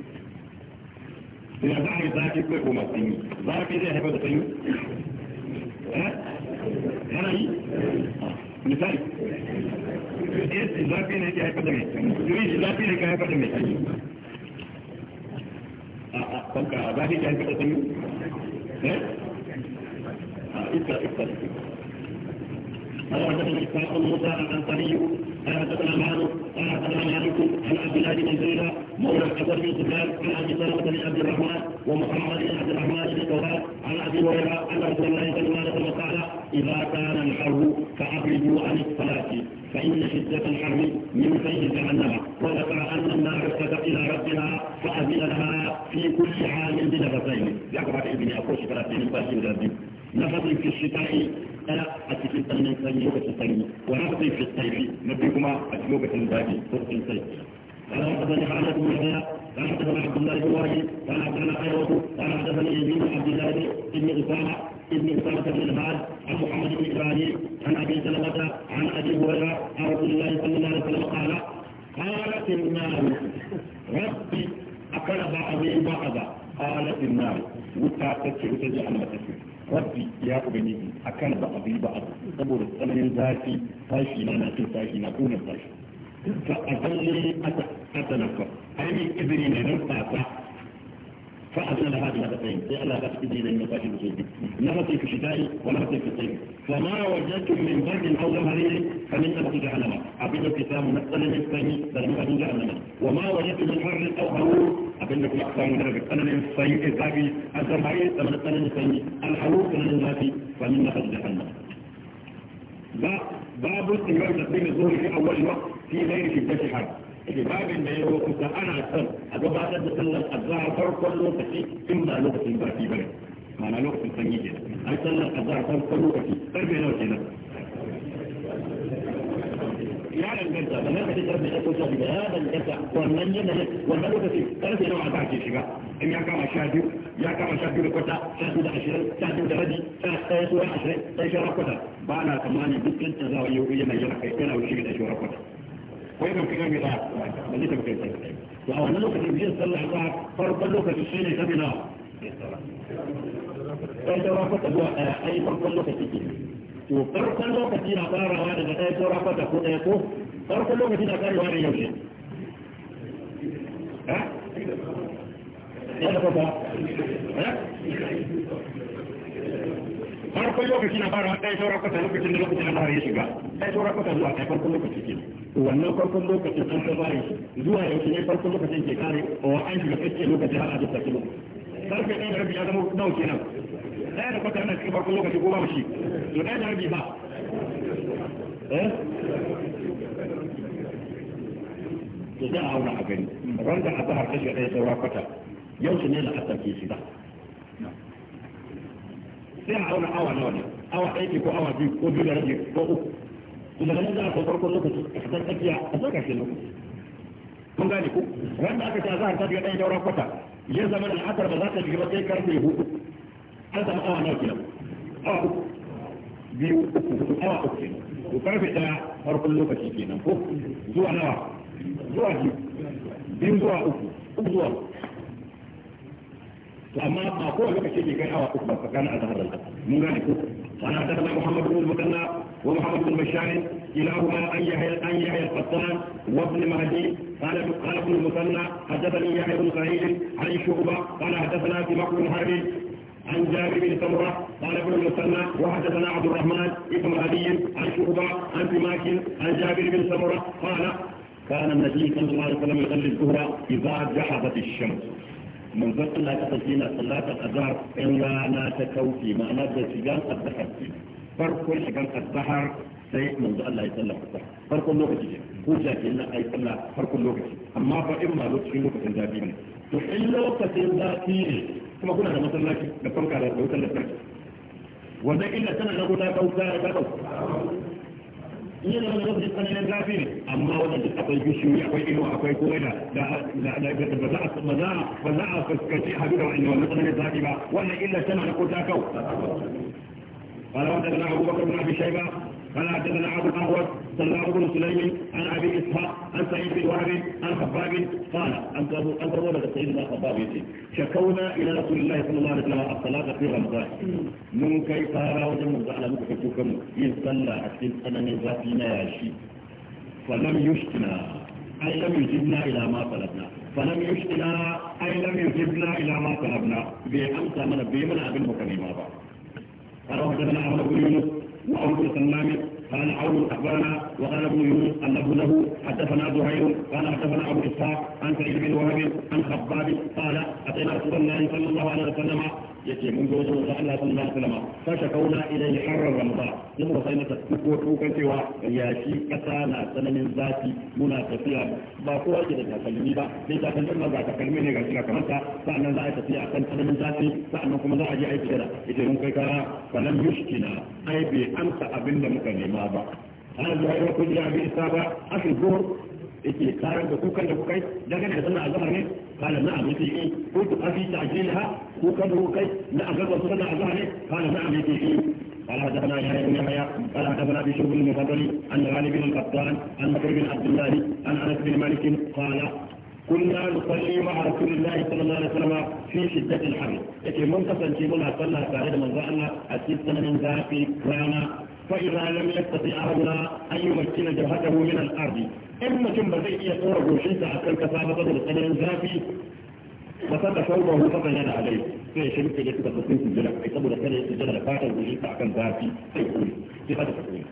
sai ya za a yi zafi kai ko masu yana yi misali yin zafi ne ke haifar da mai yin zafi ne ke haifar da mai a fanka a zafi ke haifar da sanyi eh a iska iska Allah ya tabbata Allah ta an tarihi قال حدثنا مالك قال حدثنا مالك عن عبد الله بن زيد مولى الحسن بن سفيان عن ابي سلمه بن عبد الرحمن ومحمد بن عبد الرحمن بن ثوبان عن ابي هريره ان رسول الله صلى الله عليه وسلم قال اذا كان الحر فابردوا عن الصلاه فان شده الحر من فيه جهنم وذكر ان النار ارتدت الى ربها فاذن لها في كل حال بنفسين ذكرت ابن اخوش 30 نفس في الشتاء daya a cikin sanyin sanyi lokacin sanyi wani abin fi sanyi na biyu kuma a cikin lokacin zafi lokacin sanyi قال حدثني حمد بن يحيى قال حدثنا عبد الله بن وهب قال حدثنا خيروت قال حدثني يزيد بن عبد الله بن اسامه ابن اسامه بن الهاد عن محمد بن ابراهيم عن ابي سلمه عن ابي هريره عن رسول الله صلى الله عليه وسلم قال قالت النار ربي اكل بعضي بعضا قالت النار وتاتت وتجعل ما تشوف rabbi ya ubangiji akan ba abu ba abu saboda tsananin zafi tashi na na cin tashi na kunan tashi fa azalli ata ata nafa ayi izini ne nan fata فحصل هذه هدفين فعل هدف إذن المفاتيح بسيطة نفسي في الشتاء ونفسي في الصيف فما وجدت من برد أو ظهرين فمن نفس جهنم عبد ابتسام نقل من فمن فنفس جهنم وما وجدت من حر أو حرور عبد في أقسام درجة أنا من الصيف الزافي الزرعي فمن نقل من الحرور فمن الزافي فمن نفس جهنم باب استمرار تقديم الظهر في أول وقت في غير شدة حرب babin da ya zo kusa ana son a gabatar da sallar azhar farkon lokaci in ba lokacin baki bane ma'ana lokacin sanyi kenan ai sallar azhar farkon lokaci karfe nawa kenan ya danganta da nan da karfe ta kusa da ya danganta wannan yanayi wannan lokaci karfe nawa aka ke shiga in ya kama sha biyu ya kama sha biyu da kwata sha biyu da ashirin sha biyu da rabi sha ɗaya sura ashirin ɗaya shara kwata ba na tsammanin duk yanta za a yi yanayi yana kai yana wuce da shara kwata kai ban kika bi da da ita kai sai to a wannan lokacin jin sallah ba farkon lokacin shine kabi na sai da rafa ta zuwa daya ai farkon lokaci ke to farkon lokaci na farawa daga ɗaya ko rafa ta ko ɗaya ko farkon lokaci na karewa da yaushe ya da fafa farkon lokaci na farawa ɗaya ko rafa ta lokacin da lokacin na fara ya shiga ɗaya ko rafa ta zuwa ɗaya farkon lokaci ke wannan farkon lokacin an ta bari zuwa yaushe ne farkon lokacin ke kare wa an shiga kake lokacin har a duk kilo karfe ɗaya da rabi ya zama nawa kenan ɗaya da kwata ana cikin farkon lokacin ko babu shi to ɗaya da rabi ba eh to za a auna a gani ran a azhar ta shiga ɗaya saura kwata yaushe ne la'asar ke shiga sai a auna awa nawa ne awa ɗaya ko awa biyu ko biyu da rabi ko uku daga nan za ka farko lokaci a kan tsakiya a saka shi lokaci kun gane ku. wanda aka ce a zahar ta daga ɗaya daura kwata ya zama al'asar ba za ta shiga ba sai karfe hudu an samu awa nawa kenan awa uku biyu uku awa uku ke nan. to karfe ɗaya farkon lokaci kenan ko zuwa nawa zuwa biyu biyu zuwa uku uku zuwa to amma ba kowane lokaci ke kai awa uku ba tsakanin azhar da mun gane ko ana da Muhammadu bin Mutanna ومحمد بن المشاني كلاهما أن يحيى أن يحيى القطان وابن مهدي قال قال ابن المثنى حدثني يحيى بن سعيد عن شعبة قال حدثنا في بن حرب عن جابر بن سمرة قال ابن المثنى وحدثنا عبد الرحمن ابن علي عن شعبة عن سماك عن جابر بن سمرة قال كان النبي صلى الله عليه وسلم يصلي الظهر إذا جحفت الشمس من ذكر لا تقل صلاة الأزهر إلا لا تكوفي معناه ده سجان قد دخل فيه farko shigar azhar sai manzo Allah ya sallama azhar farko lokaci ne ko ja ke nan ai sallah farko lokaci amma fa in ma lokacin lokacin zafi ne to in lokacin zafi ne kuma kuna da masallaci da farka da wutar da farko wanda illa tana da guda kauka da kauka ina da lokacin tsananin zafi ne amma wannan duk akwai gishiyoyi akwai ilo akwai komai da da da ba za a ba za a ba za a fuskanci hadu da wannan tsananin zafi ba wannan illa tana da guda kauka قال حدثنا ابو بكر بن ابي شيبه قال حدثنا ابو الاهوت سلام بن سليم عن ابي اسحاق عن سعيد بن وهب عن خباب قال انت انت ولد سيدنا خباب شكونا الى رسول الله صلى الله عليه وسلم الصلاه في رمضان من كيف هذا وجم على مكتبكم يصلى اكل من ذاتنا يا شيخ فلم يشكنا اي لم يجبنا الى ما طلبنا فلم يشكنا اي لم يجبنا الى ما طلبنا بامسى من بيمنا بالمكرمه قال وحدثنا عمرو بن يونس وعمر بن سلمان قال عون اخبرنا وقال ابن يونس انه له حدثنا زهير قال حدثنا ابو اسحاق عن سعيد بن وهب عن خباب قال اتينا رسول الله صلى الله عليه وسلم yace mun zo wajen Allah sallallahu alaihi wasallam fa shakauna ilayhi harra ramadan mun ba sai mata ko tukan cewa yaki kasa na tsananin zafi muna tafiya ba ko ake da takalmi ba sai ta kalmi ba takalmi ne ga shi kamar ta sannan za a tafiya kan tsananin zafi sannan kuma za a je a yi tijara yace mun kai kara falan yushkina ai bai amsa abin da muka nema ba ana zuwa yau kun ji abin isa ba akin zuhur yake karar da kukan da kukai dangane da sallar azhar ne قال نعم يجي قلت أفي تعجيلها وكبه كيف لا أقرب على عليه قال نعم يجي إيه قال حدثنا يحيى بن يحيى قال حدثنا ابي المفضل عن غالب بن القطان عن بكر بن عبد الله عن انس بن مالك قال كنا نصلي مع رسول الله صلى الله عليه وسلم في شدة الحر لكن من تصلي صلى سعيد من ظهرنا السيد من ذاك كان فإذا لم يستطع أحدنا أن يمكن جبهته من الأرض in mutum ba zai iya tsora goshinsa a kan kasa ba saboda tsananin zafi masa da shauba hu fa bayyana alai sai ya shirke da suka tafi su jira kai saboda kada su jira da fatan goshinsa a kan zafi sai kuri sai hada ka kuri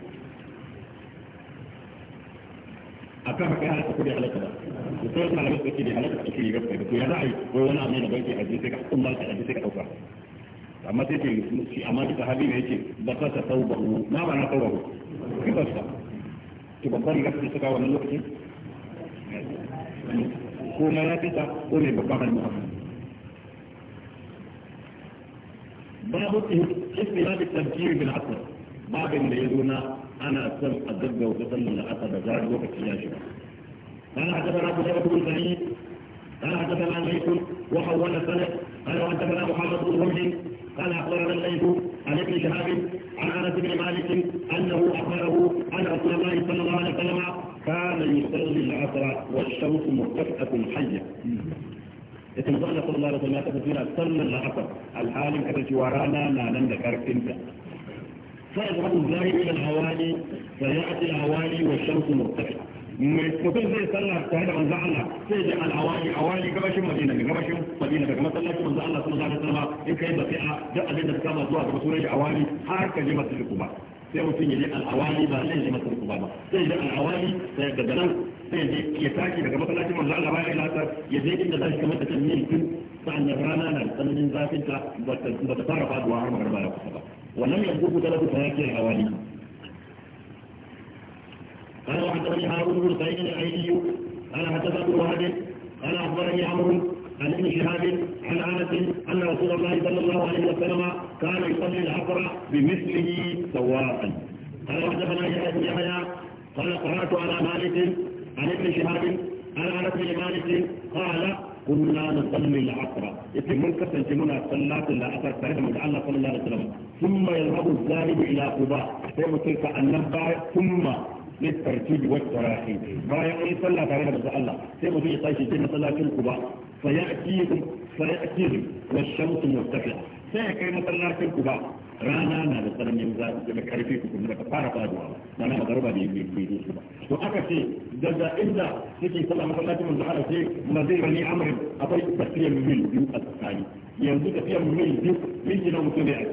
a kan haka haka kuri halaka ba da sai kuma halaka kuri halaka a kiri gaba da ya ra'ayi ko wani abu da banki a jin sai ka kuma ka jin sai ka dauka amma sai ce amma duka habibi yake ba ka ta tauba na ba na tauba ku ba ki babban riga suke saka wannan lokacin ko ma ya fita ko mai babban hannu haka babu istihad at-tabjir bil asr babin da yazo na ana son a gaggauta sallar asr da zarar lokaci ya shiga قال حدثنا ابو بكر بن سعيد قال حدثنا الليث وحول السند قال وحدثنا محمد بن هرج قال اخبرنا الليث عن ابن شهاب عن انس بن مالك أنه أخبره أن رسول الله صلى الله عليه وسلم كان يصلي العصر والشمس مرتفعة حية yakan zalla sallallahu alaihi wasallam ta tafi sallan al-asr alhalin aka ce wa rana na nan da karfin ta sai da wannan zai ila hawali fa ya'ti hawali wa shamsu murtafi mutum zai sallah tare da manzo Allah sai da al-hawali hawali gabashin Madina da gabashin Madina daga masallacin manzo Allah sallallahu alaihi wasallam in kai da fi'a da abin da kama zuwa ga sunan hawali har ka je masjidin Quba sai mutum ya je al'awali ba zai je masarku ba ba zai je al'awali sai daga nan sai je ya tashi daga masallacin manzo Allah ba ya lata ya je inda zai kamar ta mil tun sa'an rana na tsananin zafin ta ba ta fara faduwa har magarba ya kusa ba wannan yanzu ku talabu ta yake al'awali قال وحدثني هارون بن سعيد الايلي قال حدثني وهب قال اخبرني عمرو عن ابن شهاب عن انس ان رسول الله صلى الله عليه وسلم كان يصلي العصر بمثله سواء قال وحدثنا يحيى قال قرات على مالك عن ابن شهاب عن انس بن مالك قال كنا نصلي العصر في منكس الجمعة صلاة العصر فرد من الله صلى الله عليه وسلم ثم يذهب الزاهد إلى قباء ثم تلك النبع ثم للترتيب والتراخي ما يقول صلى فعلا بس الله سيما في إطايش الجنة صلى كلكبا فيأتيهم فيأتيهم والشمس مرتفعة سيكي مثلا كلكبا رانا أنا مثلا يمزا كارفي كلكم لك فاجوا ما نعم ضربة دي في في دي سبا وأكسي جزا إذا سيكي صلى الله عليه وسلم زحالة سي مزيد لي عمر أطيء تسليم من يوم نعم الثاني ينزل فيها من يوم من جنة مسلمة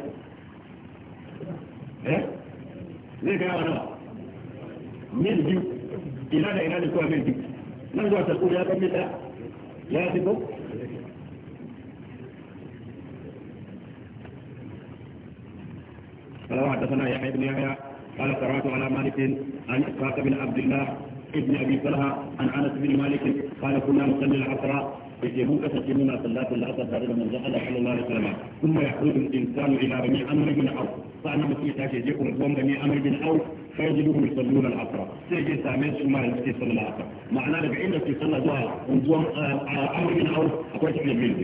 إيه؟ ليه كده mil biyu ina da ina da kuwa mil biyu nan zuwa ta ya kan mita ya قال حدثنا يحيى بن يحيى قال قرات على مالك عن اسحاق بن عبد الله ابن ابي طلحه عن انس بن مالك قال كنا نصلي العصر يجيبون كتسلمون صلاة العصر بعد من زعل صلى الله عليه وسلم ثم يخرج الانسان الى بني عمرو بن عوف فانا مسيح يجيكم قوم بني عمرو بن عوف فيجدهم يصلون العصر سيجي سامي وما ما يجي صلى العصر معناه لك في صلاه الظهر ونجوم أمر بن عوف أكوش من منه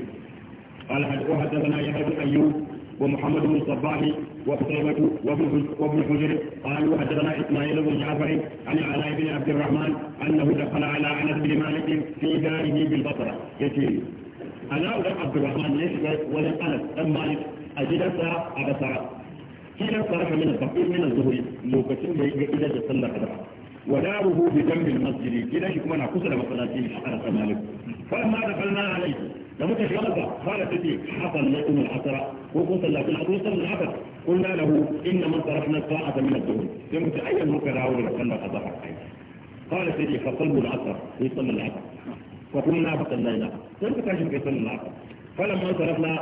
قال وحدثنا يحيى بن أيوب ومحمد بن الصباح وقتيبة وابن حجر قالوا وحدثنا اسماعيل بن جعفر عن علاء بن عبد الرحمن انه دخل على انس بن مالك في داره بالبصره يسير علاء بن عبد الرحمن ليس ولم انس بن مالك اجلس ابصره حين صرف من التقويم من الظهر لوكتين يجب إلى جسل قدرها وداره بجنب المسجد كده يكون أنا كسر مسلاتين حرس مالك فلما دخلنا عليه لما تشغلت قال تتي حصل لكم العصر وقلت الله في العصر وصل العصر قلنا له إنما صرفنا الساعة من الظهر يوم تأين هكذا أول صلى الظهر قال سيدي فصلوا العصر ويصلى العصر وقلنا فصلينا لم تكاشف يصلي العصر فلما صرفنا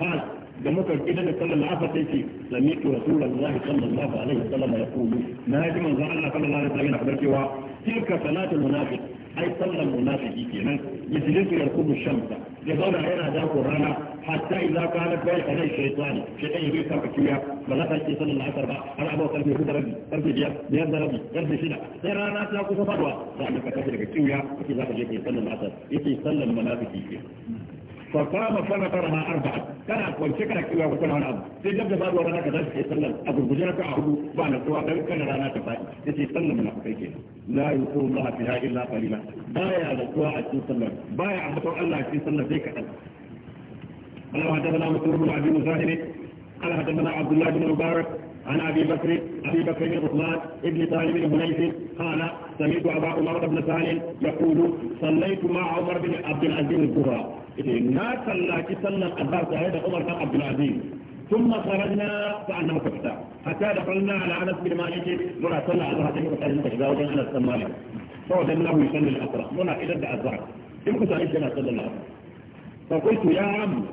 قال da muka gida da sallar lafa sai ce sami'tu rasulullahi sallallahu alaihi wasallam ya kulu na ji manzon Allah sallallahu alaihi wasallam yana fadar cewa tilka salatul munafiq ai sallar munafiki kenan yajlisu yarkubu shamsa ya zauna yana dako rana hatta idza kana bai kana shaytani shaytan yayi saka kiya ba za ka ce sallar asar ba har abu karfe hudu rabi karfe biyar biyar da rabi karfe shida sai rana ta kusa fadwa za ka tashi daga kiya kace za ka je kai sallar asar yace sallar munafiki kenan فقام ما أربعة كان أقول شكرا كيف يكون هنا أبو سيجب جبال ورانا كذلك يسلم أبو البجرة أعبو فأنا سواء ذلك كان رانا كفاية يسلم من أخيك لا يقول الله فيها إلا قليلا بايع لسواء يسلم بايع عبطوا الله يسلم فيك أبو قال حدثنا مسرور بن عبد المزاهر قال حدثنا عبد الله بن مبارك عن ابي بكر ابي بكر بن عثمان ابن طالب الهنيفي قال سمعت ابا عمر بن سالم يقول صليت مع عمر بن عبد العزيز الزهراء ثم خرجنا فأنا كفتا حتى دخلنا على أنس بن مالك ولا صلى الأزهر سعيد عمر بن عبد العزيز أنس بن مالك فوجدناه يصلي الأسرى ولا إلى الأزهر إن كنت عليك أنا صلى الأزهر فقلت يا عم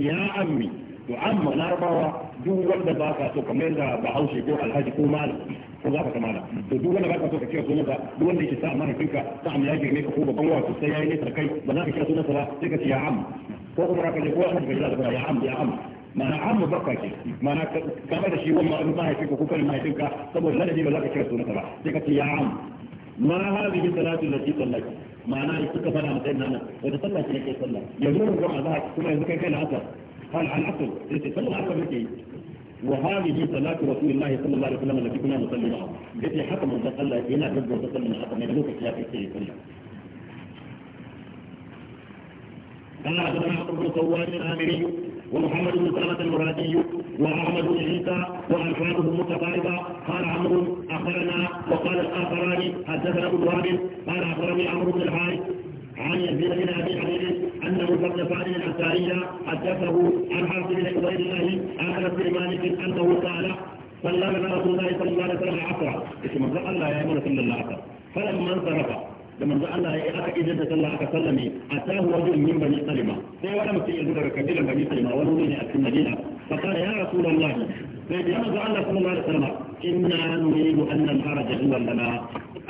يا عمي to amma larabawa duk wanda ba ka so kamar yadda bahaushe ko alhaji ko malam ko za ka kamala to duk wanda ba ka so ka kira sunan ba duk wanda yake sa mahaifinka sa amma ya ne ka ko babban wato sai yayi nesa kai ba za ka kira sunan ba sai ka ce ya am ko kuma ka je ko an ka da ya am ya am ma'ana amma ka ke ma'ana ka da shi wannan abin mahaifinka ko kan mahaifinka saboda ladabi ba za ka kira sunan ba sai ka ce ya am ma hadhihi salatu allati sallaka ma'ana suka fara mutane nan wata sallah ce ke sallah yanzu mun za ka kuma yanzu kai kai na asar قال عن عصر يتكلم العصر يكي وهذه صلاة رسول الله صلى الله عليه وسلم التي كنا نصلي معه يتي حكم من تقلى هنا جزء تصلى من عصر يبلوك خلاف السيد كله قال عبدالله عمرو بن سواد العامري ومحمد بن سلمة المرادي وأحمد بن عيسى وألفاظه متقاربة قال عمرو أخبرنا وقال الآخران حدثنا أبو قال أخبرني عمرو بن الحارث عن يزيد بن ابي حبيب انه قد لم يفعل الاثاريا حدثه عن حافظ بن عبيد الله عن انس بن انه قال صلى رسول الله صلى الله عليه وسلم عصرا اسم رأى الله يا امر صلى الله عليه فلما انصرف لما انصرف الله يا اذا صلى الله عليه وسلم اتاه رجل من بني سلمه في ولم يذكر كثيرا بني سلمه ولو من المدينه فقال يا رسول الله فإذا رضى الله صلى الله عليه وسلم إنا نريد أن الحرج عند لنا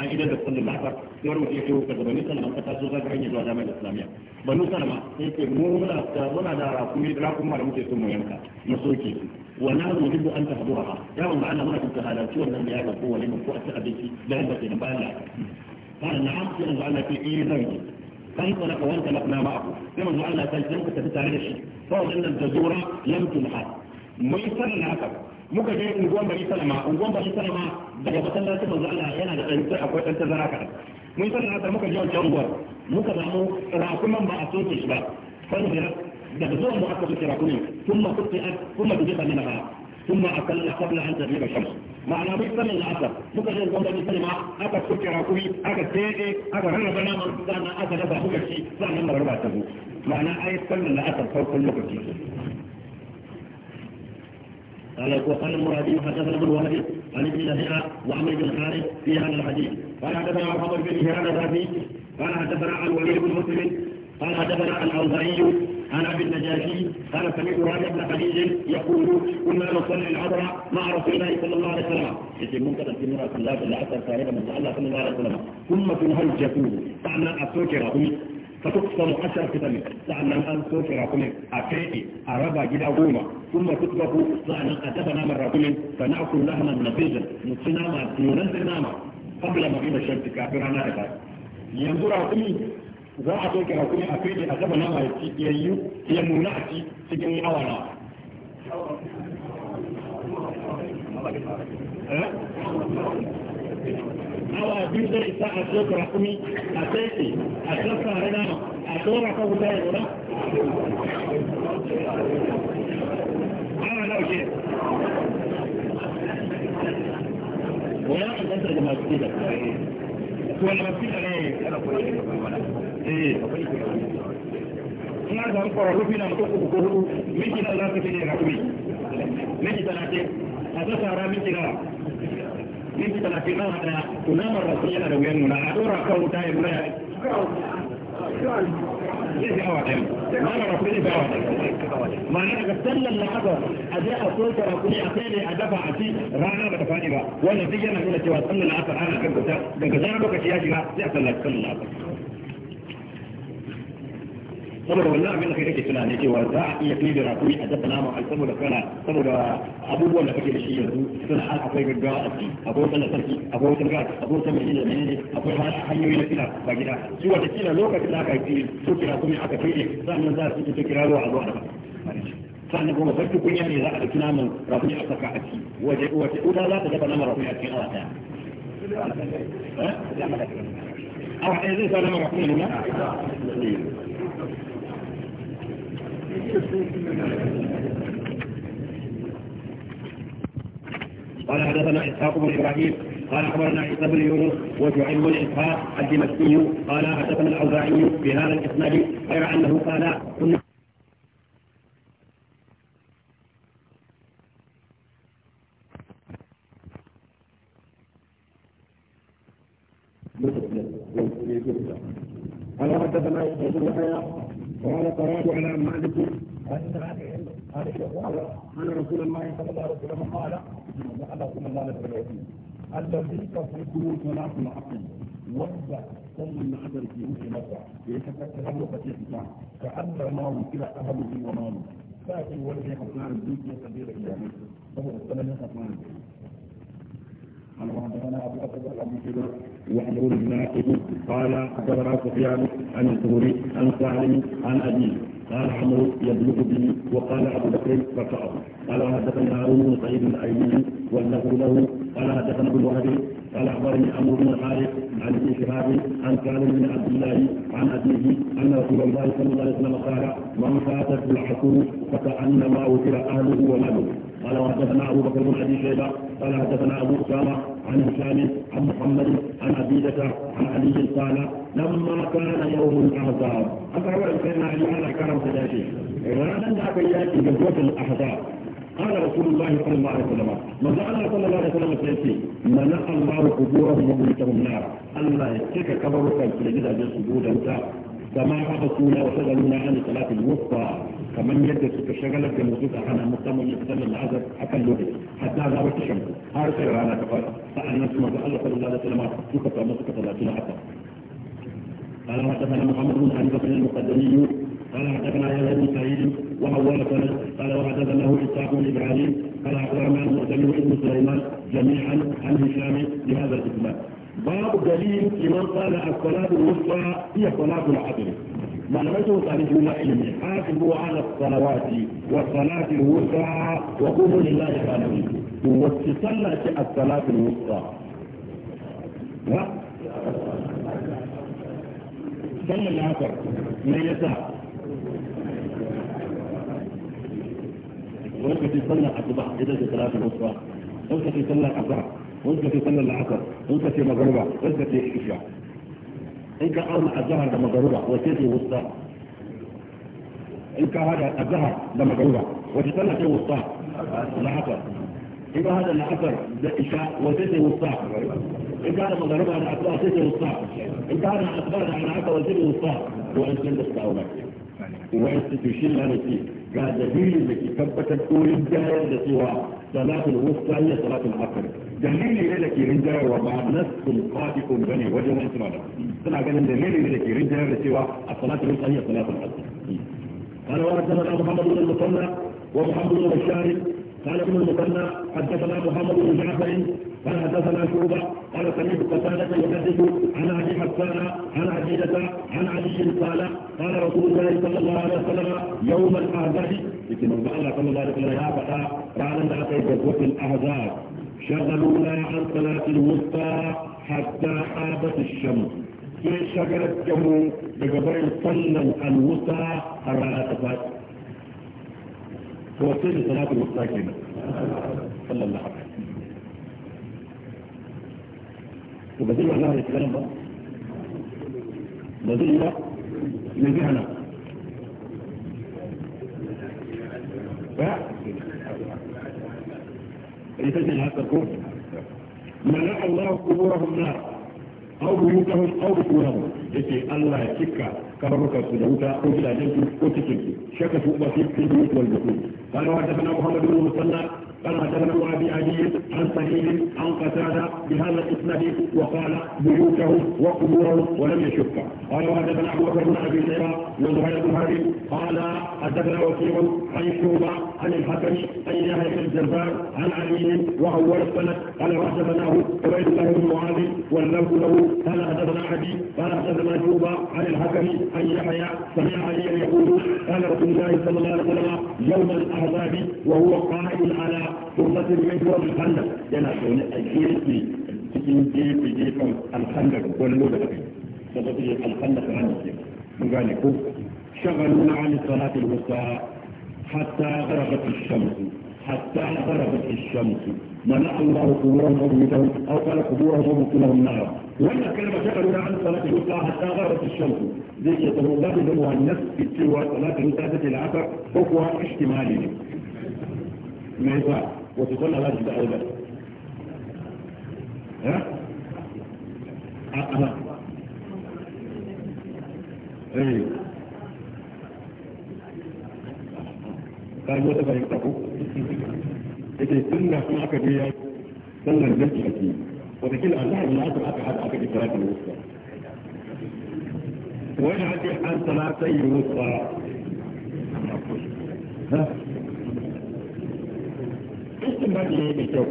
a idan da sallar ya ce ka gabanin ka taso za ka zuwa jami'ar islamiyya banu sai mu muna da muna da rakumi da rakuma da muke son mu yanka na soke wa na dubu an tahdura ha ya ana muna kan wannan da ya ga kowane ko a ci da yadda ke da bayan lahar kana na'am sai eh, an zo ana sai Allah ka tafi tare da shi fa wannan da zura yamkin mai muka je unguwan bari salama unguwan bari salama daga masallacin manzo Allah yana da ɗan akwai ɗan tazara ka mun san haka muka je wancan unguwar muka samu rakuman ba a soke shi ba fara daga zuwan mu aka soke rakumin kuma kuke kuma kuje ba ne ba ثم أكلنا قبل أن تغيب الشمس معنى بيصل العصر ممكن أن يكون بيصل مع أكا سكر أكوي أكا تيجي أكا رنا بنا من سانا أكا نبا هو الشيء سانا مربع تبو معنى أي صل العصر فوق كل مكتب قال وقال المرادي حدثنا ابن وهبي عن ابن لهيعة وعمر بن خالد في هذا الحديث قال حدثنا عمر بن هشام الرافي قال حدثنا عن وليد بن مسلم قال حدثنا الاوزاعي عن ابي النجاشي قال سمعت راجع بن خليل يقول كنا نصلي العذراء مع رسول الله صلى الله عليه وسلم يتم منقطع في مرة الله بالعسل صاحبا من صلى الله عليه وسلم ثم تنهج يقول فعلا السوكر فتقسم عشر قسم سعنا أن سوف راكم أكريتي أربع جدا غوما ثم تطبخ سعنا أتبنا من راكم فنأكل لحما نبيزا نتنام ننزل قبل مغيب الشمس كافرانا إبا ينظر راكم za a soke rakumi a fede a zaba nama أولا yi ya muna a cikin awa a dora ka wuta ya dora an kanta na da wuyan ma'ana daga sallar la'azar a je a soke rakuni a kai ne a dafa a ci rana ba ta faɗi ba wannan duk yana nuna cewa sallar la'azar ana kan kuta daga zarar lokaci ya shiga sai a sallar sallar la'azar saboda wannan abin da kai kake tunani cewa za a iya kai da rakuri a dafa nama ai saboda kana saboda abubuwan da kake da shi yanzu suna har akwai gaggawa a ciki akwai wata lantarki akwai wata gas akwai wata mai da menene akwai hanyoyi na kila ba gida shi wata kila lokacin da aka yi su kira kuma aka kai sannan za su fito kira ruwa a zuwa dafa sannan kuma farki kunya ne za a ɗauki naman rakuni a saka a ciki waje wace uta za ta dafa naman rakuni a cikin awa ɗaya awa ɗaya zai sa naman rakuni ne قال حدثنا اسحاق بن ابراهيم قال اخبرنا عيسى بن يونس وشعيب بن اسحاق الدمشقي قال حدثنا الاوزاعي بهذا الاسناد غير انه قال كنا قال حدثنا يحيى بن قال قرات على مالك عن رسول الله صلى الله عليه وسلم قال قال الله لك الله عليه وسلم الذي تصدقه ثلاث العقل وابدا ثم النحدر في وجه مكه له وقت الكتاب كأن ماضي الى اهله وماضي فاتي ولد يا حسنان حصان يا كبير الى فهو السلام يا حسنان الدنيا قال وحدثنا ابو بكر بن ابي وعمر بن نائب قال اخبرنا سفيان عن الزهري عن سالم عن ابي قال عمرو يبلغ به وقال ابو بكر فقال قال حدثنا هارون بن سعيد الأيمن واللفظ له قال حدثنا ابو الوهبي قال اخبرني عمرو بن الحارث عن ابن شهاب عن سالم بن عبد الله عن ابيه ان رسول الله صلى الله عليه وسلم قال من فاتت الحكم فكانما وكل اهله وماله قال وحدثنا ابو بكر بن ابي شيبه قال حدثنا ابو اسامه عن هشام عن محمد عن عبيدة عن علي قال لما كان يوم الأحزاب أفعل كان علي على كرم سجاشي وأنا ذاك يأتي بقوة الأحزاب قال رسول الله صلى الله عليه وسلم ما قال صلى الله عليه وسلم سيأتي منع الله قبورهم وبيتهم نار الله يكفيك كبرك في جدا بسجود كما حبسونا وشغلونا عن صلاة الوسطى kamar yadda suka shagalar da mutum a hana musamman ya fitar da la'azar a kan lokaci hatta na wata shamsu har sai rana ta fara sa'annan su mazu Allah sallallahu alaihi wasallam suka samu suka tallafi na haka قال حدثنا محمد بن حنيفة المقدمي قال حدثنا يحيى بن سعيد وهو سند قال وحدثنا اسحاق بن ابراهيم قال اخبرنا المعتمر بن سليمان جميعا عن هشام بهذا الاسلام باب دليل لمن قال الصلاة الوسطى هي صلاة العدل معلوماته تعرف لنا علمي حافظوا على الصلوات والصلاة الوسطى وقولوا لله قانوني في الصلاة الوسطى صلى العصر من يسع وقت يصلى الصباح إذا صلاة الوسطى وقت يصلى الصباح وانت في سنة العصر وانت في مغربة وانت في عشاء انت ارمى الزهر ده مغربة وتيجي وسطى انت هذا الزهر ده مغربة وتصلى في وسطى العصر يبقى هذا العصر ده عشاء وتيجي وسطى انت هذا مغربة على اطلاع تيجي وسطى انت هذا اطلاع على عصر وتيجي وسطى وإن انت تستعمل وانت تشيل هذا ga dalilin da ke لكي كبتك كل jayar da cewa salatul wusta iya salatul asr dalili ne da ke rinjayarwa ba nassul qadiqun bane wajen wasu malamai suna ganin dalili ne da ke rinjayar da cewa as-salatu lil hayy salatu asr قال وحدثنا محمد بن المثنى ومحمد بن بشار قال ابن المثنى حدثنا محمد بن جعفر قال حدثنا شعبه قال سمعت قتاده يحدث عن ابي حسان عن عبيده عن علي قال قال رسول الله صلى الله عليه وسلم يوم الاحزاب لكن الله صلى الله عليه وسلم يا فتى قال انت اتيت الاحزاب شغلونا عن صلاة الوسطى حتى حابت الشمس في شجرة جمو بجبرين صلى الوسطى الرأى تفات توصل صلاة الوسطى كده صلى الله عليه وسلم وبدل الله الكلام ده بدل الله من يجب هذا تكون ملأ الله قبورهم نار أو بيوتهم أو بطورهم يتي الله يتكى كبرك سجوتا أو بلا جنس أو تكفى شكفوا ما في البيوت والبطون قال وحدثنا محمد بن مصنع قال حدثنا ابي عدي عن سعيد عن قتاده بهذا الاسناد وقال بيوتهم وقبورهم ولم يشك قال حدثنا ابو بكر بن ابي سيرا وزهير بن هادي قال حدثنا وكيل عن شوبه عن الحكم عن يحيى بن الجبار عن علي وهو السند قال وحدثناه عبيد له بن معاذ واللفظ له قال حدثنا ابي قال حدثنا شوبه عن الحكم عن يحيى سمع علي يقول قال رسول الله صلى الله عليه وسلم يوم الاحزاب وهو قائم على ثم من هو الخندق ينا كون الجيرتي cikin jefe jefen alhandar wani lokaci da ba su yi alhandar da hannun ke mun gane ko shagalu na ali salatul wusa hatta gharabat ash-shams hatta gharabat ash-shams man Allah quburahum midan aw qala quburahum kullahum nar wannan kalma shagalu na ali salatul wusa hatta gharabat ash-shams zai ke tabbata da muannas cewa salatul wusa take la'akar ko kuwa ihtimali ne me yasa wace za ta a'a eh? ah, ah, ah. eh. kuma aka ake zahar na aka aka aka da wusta wani an ba da yayi da kyau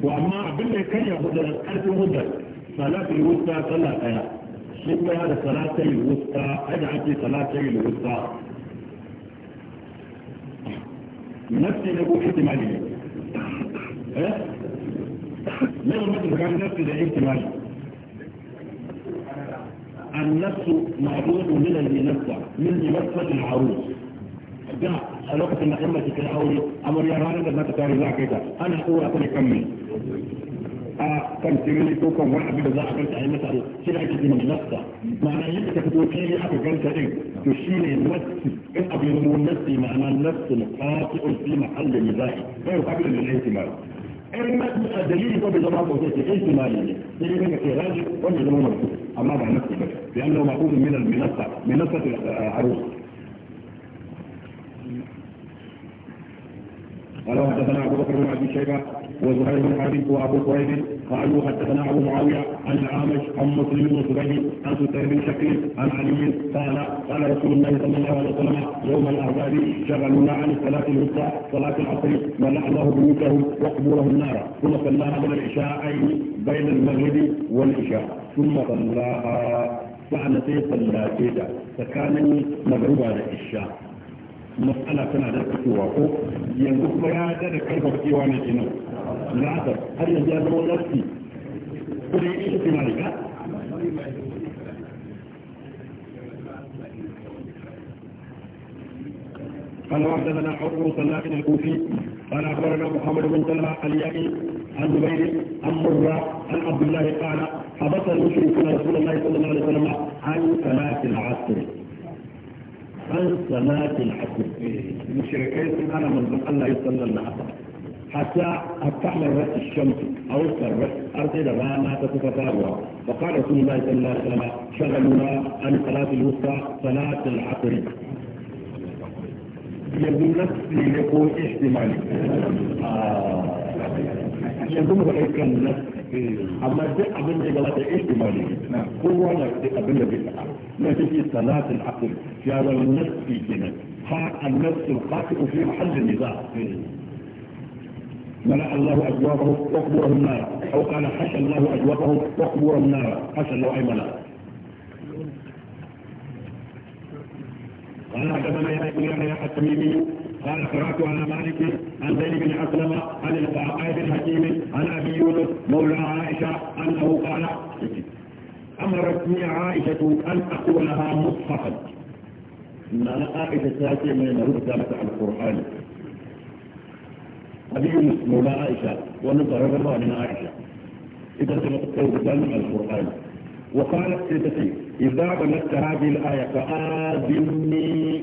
to amma abin da kai ya hudda karfin hudda salatul wusta sallah daya shi kuma da salatul wusta ada ake salatul wusta nafsi da ko ihtimali eh ne mutum kan nafsi da ihtimali النفس معبود من اللي نفسه من نفسه العروس ده الوقت ان امتي في حولي امر يا رانا ما تقاري لا كده انا هو اقول كمي آه، كان في ملي توكم واحد من الزحف انت اي مسأل سلعة من نفسة معنى يبقى تقول كي إيه يحب جلسة ايه تشيل النفس اقبل إيه من نفسي معنى النفس الخاطئ في محل النزاعي غير إيه قبل من الاهتمام اما الدليل هو بضمان قوتيتي ايش مالي يعني؟ يجي منك في راجل وانا اما بعد نفسي لانه مأخوذ من المنصة منصة العروس قال حدثنا ابو بكر بن ابي شيبه وزهير بن حبيب وابو قريب قالوا حدثنا ابو معاويه عن الاعمش عن مسلم بن زبيد عن سكير بن شقيق عن علي قال قال رسول الله صلى الله عليه وسلم يوم الاحزاب شغلونا عن الصلاه الوسطى صلاه العصر منع الله بيوتهم وقبورهم نارا ثم صلاها من العشاءين بين المغرب والعشاء ثم صلاها فعلت صلاتها فكان مغربا العشاء مسألة كان على الكوافو ينقف يا دار كيف كيوانا جنو العذر هل يجاب نفسي كل إيش في مالك قال وحدثنا حكم صلاح الكوفي قال اخبرنا محمد بن سلمه اليمي عن زبير عن مره عن عبد الله قال حبس المشركون رسول الله صلى الله عليه وسلم عن صلاه العصر عن صلاة العصر المشركين انا من الله يصلى العصر حتى رأس الشمس او رأس ارض ما تتفاوى فقال رسول الله صلى الله عليه وسلم شغلنا عن صلاه الوسطى صلاه العصر يبدو نفسي يكون احتمالي آه. يبدو النفس amma duk abin da ya gabata ihtimali kowa na da abin da zai faɗa na take salatul asr ya zama nafsi kenan fa an-nafs al-qati'u fi mahall an-nizaa ملأ الله أجوابهم وقبورهم نارا أو قال حشى الله أجوابهم وقبورهم نارا حشى الله أي ملأ قال حدثنا يا التميمي قال قرات على مالك عن زيد بن اسلم عن القعقاع الحكيم عن ابي يونس مولى عائشه انه قال امرتني عائشه ان اقول لها مصحفا ان انا عائشه تاتي من عن القران ابي يونس مولى عائشه ونظر الله من عائشه إذا تمتقوا القرآن وقالت سيدتي إذا بلغت هذه الآية فآذني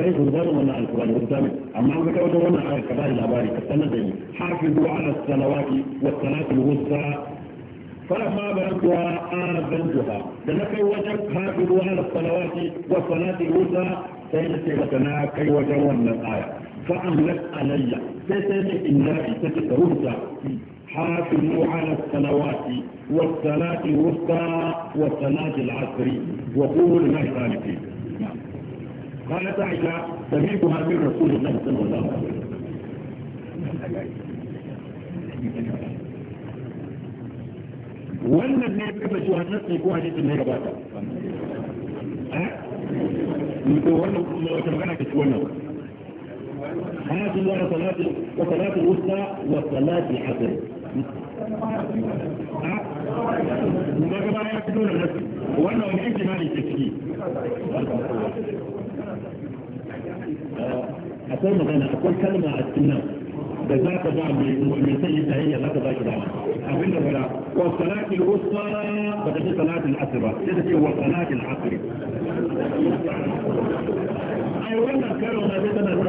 kai ku zama wannan alkurani ku zama amma an ga kawo wannan ayar ka bari labari ka sanar da ni hafizu ala salawati wa salati al-wusta فلما بلغتها آذنتها تنكي وجه حافظوا على الصلوات والصلاة الوسطى سيدتي وتناكي وجه من الآية فأملت علي سيدتي إنها تتروسى حافظوا على الصلوات والصلاة الوسطى والصلاة العصر وقولوا لله ذلك نعم. قال تعالى تبيتها من رسول الله صلى الله عليه ne ya shi wannan sai ko hadisin ne gabata ni ko wannan kuma wata magana ce wa salati usta wa salati ne ya fito da wannan wani imani ke ciki آه، أقول لك مثلا أقول كلمة التنام بزاعت بعض المؤمنتين هي لا تضايق دعوة أقول لك والصلاة الوسطى بدأت صلاة العصرة كده هو صلاة العصر أيوانا كانوا ما زيتنا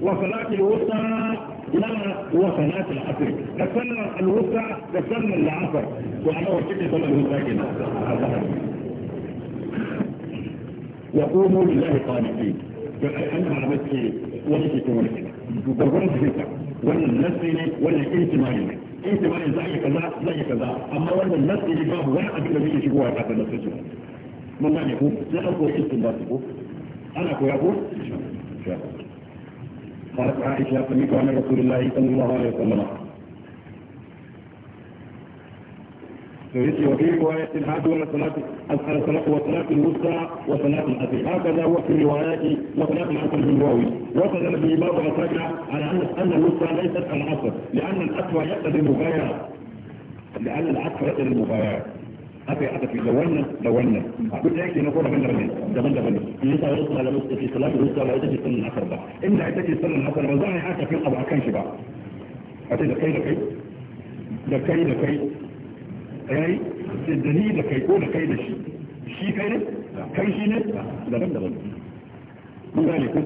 وصلاة الوسطى لا وصلات العصر تسمى الوسع تسمى العصر وانا وصلت صلى الوسع كده لله قانتين فالحمد على مسكي ولكي كمالك وقربنا تفكر ولا النسل ولا انتمائي انتمائي زي كذا زي كذا اما ولا النسل باب ولا ابن الذي يشبوها تحت النسل من لا يقول لا اقول استنباطكم انا اقول يقول شاكر قالت عائشة سمعت عن رسول الله صلى الله عليه وسلم وفي رواية صلاة الصلاة وصلاة الوسطى وصلاة الأثر هكذا هو في روايات وصلاة في الهواوي وصل به بعض الأساتذة على أن الوسطى ليست العصر لأن العصر يقتضي المغايرة لأن العصر يقتضي المغايرة haka aka fi da wannan da wannan duk da yake na ko daban daban ne. daban daban ne yasa wasu malamai suka ce salatu rusul ita ce sallan asar ba inda ita ce sallan asar ba za a yi haka fin abu akan shi ba a ce da kai da kai da kai da kai ai eh, da ni da kai ko da kai da shi shi kai ne kai shi ne daban daban mun gane ku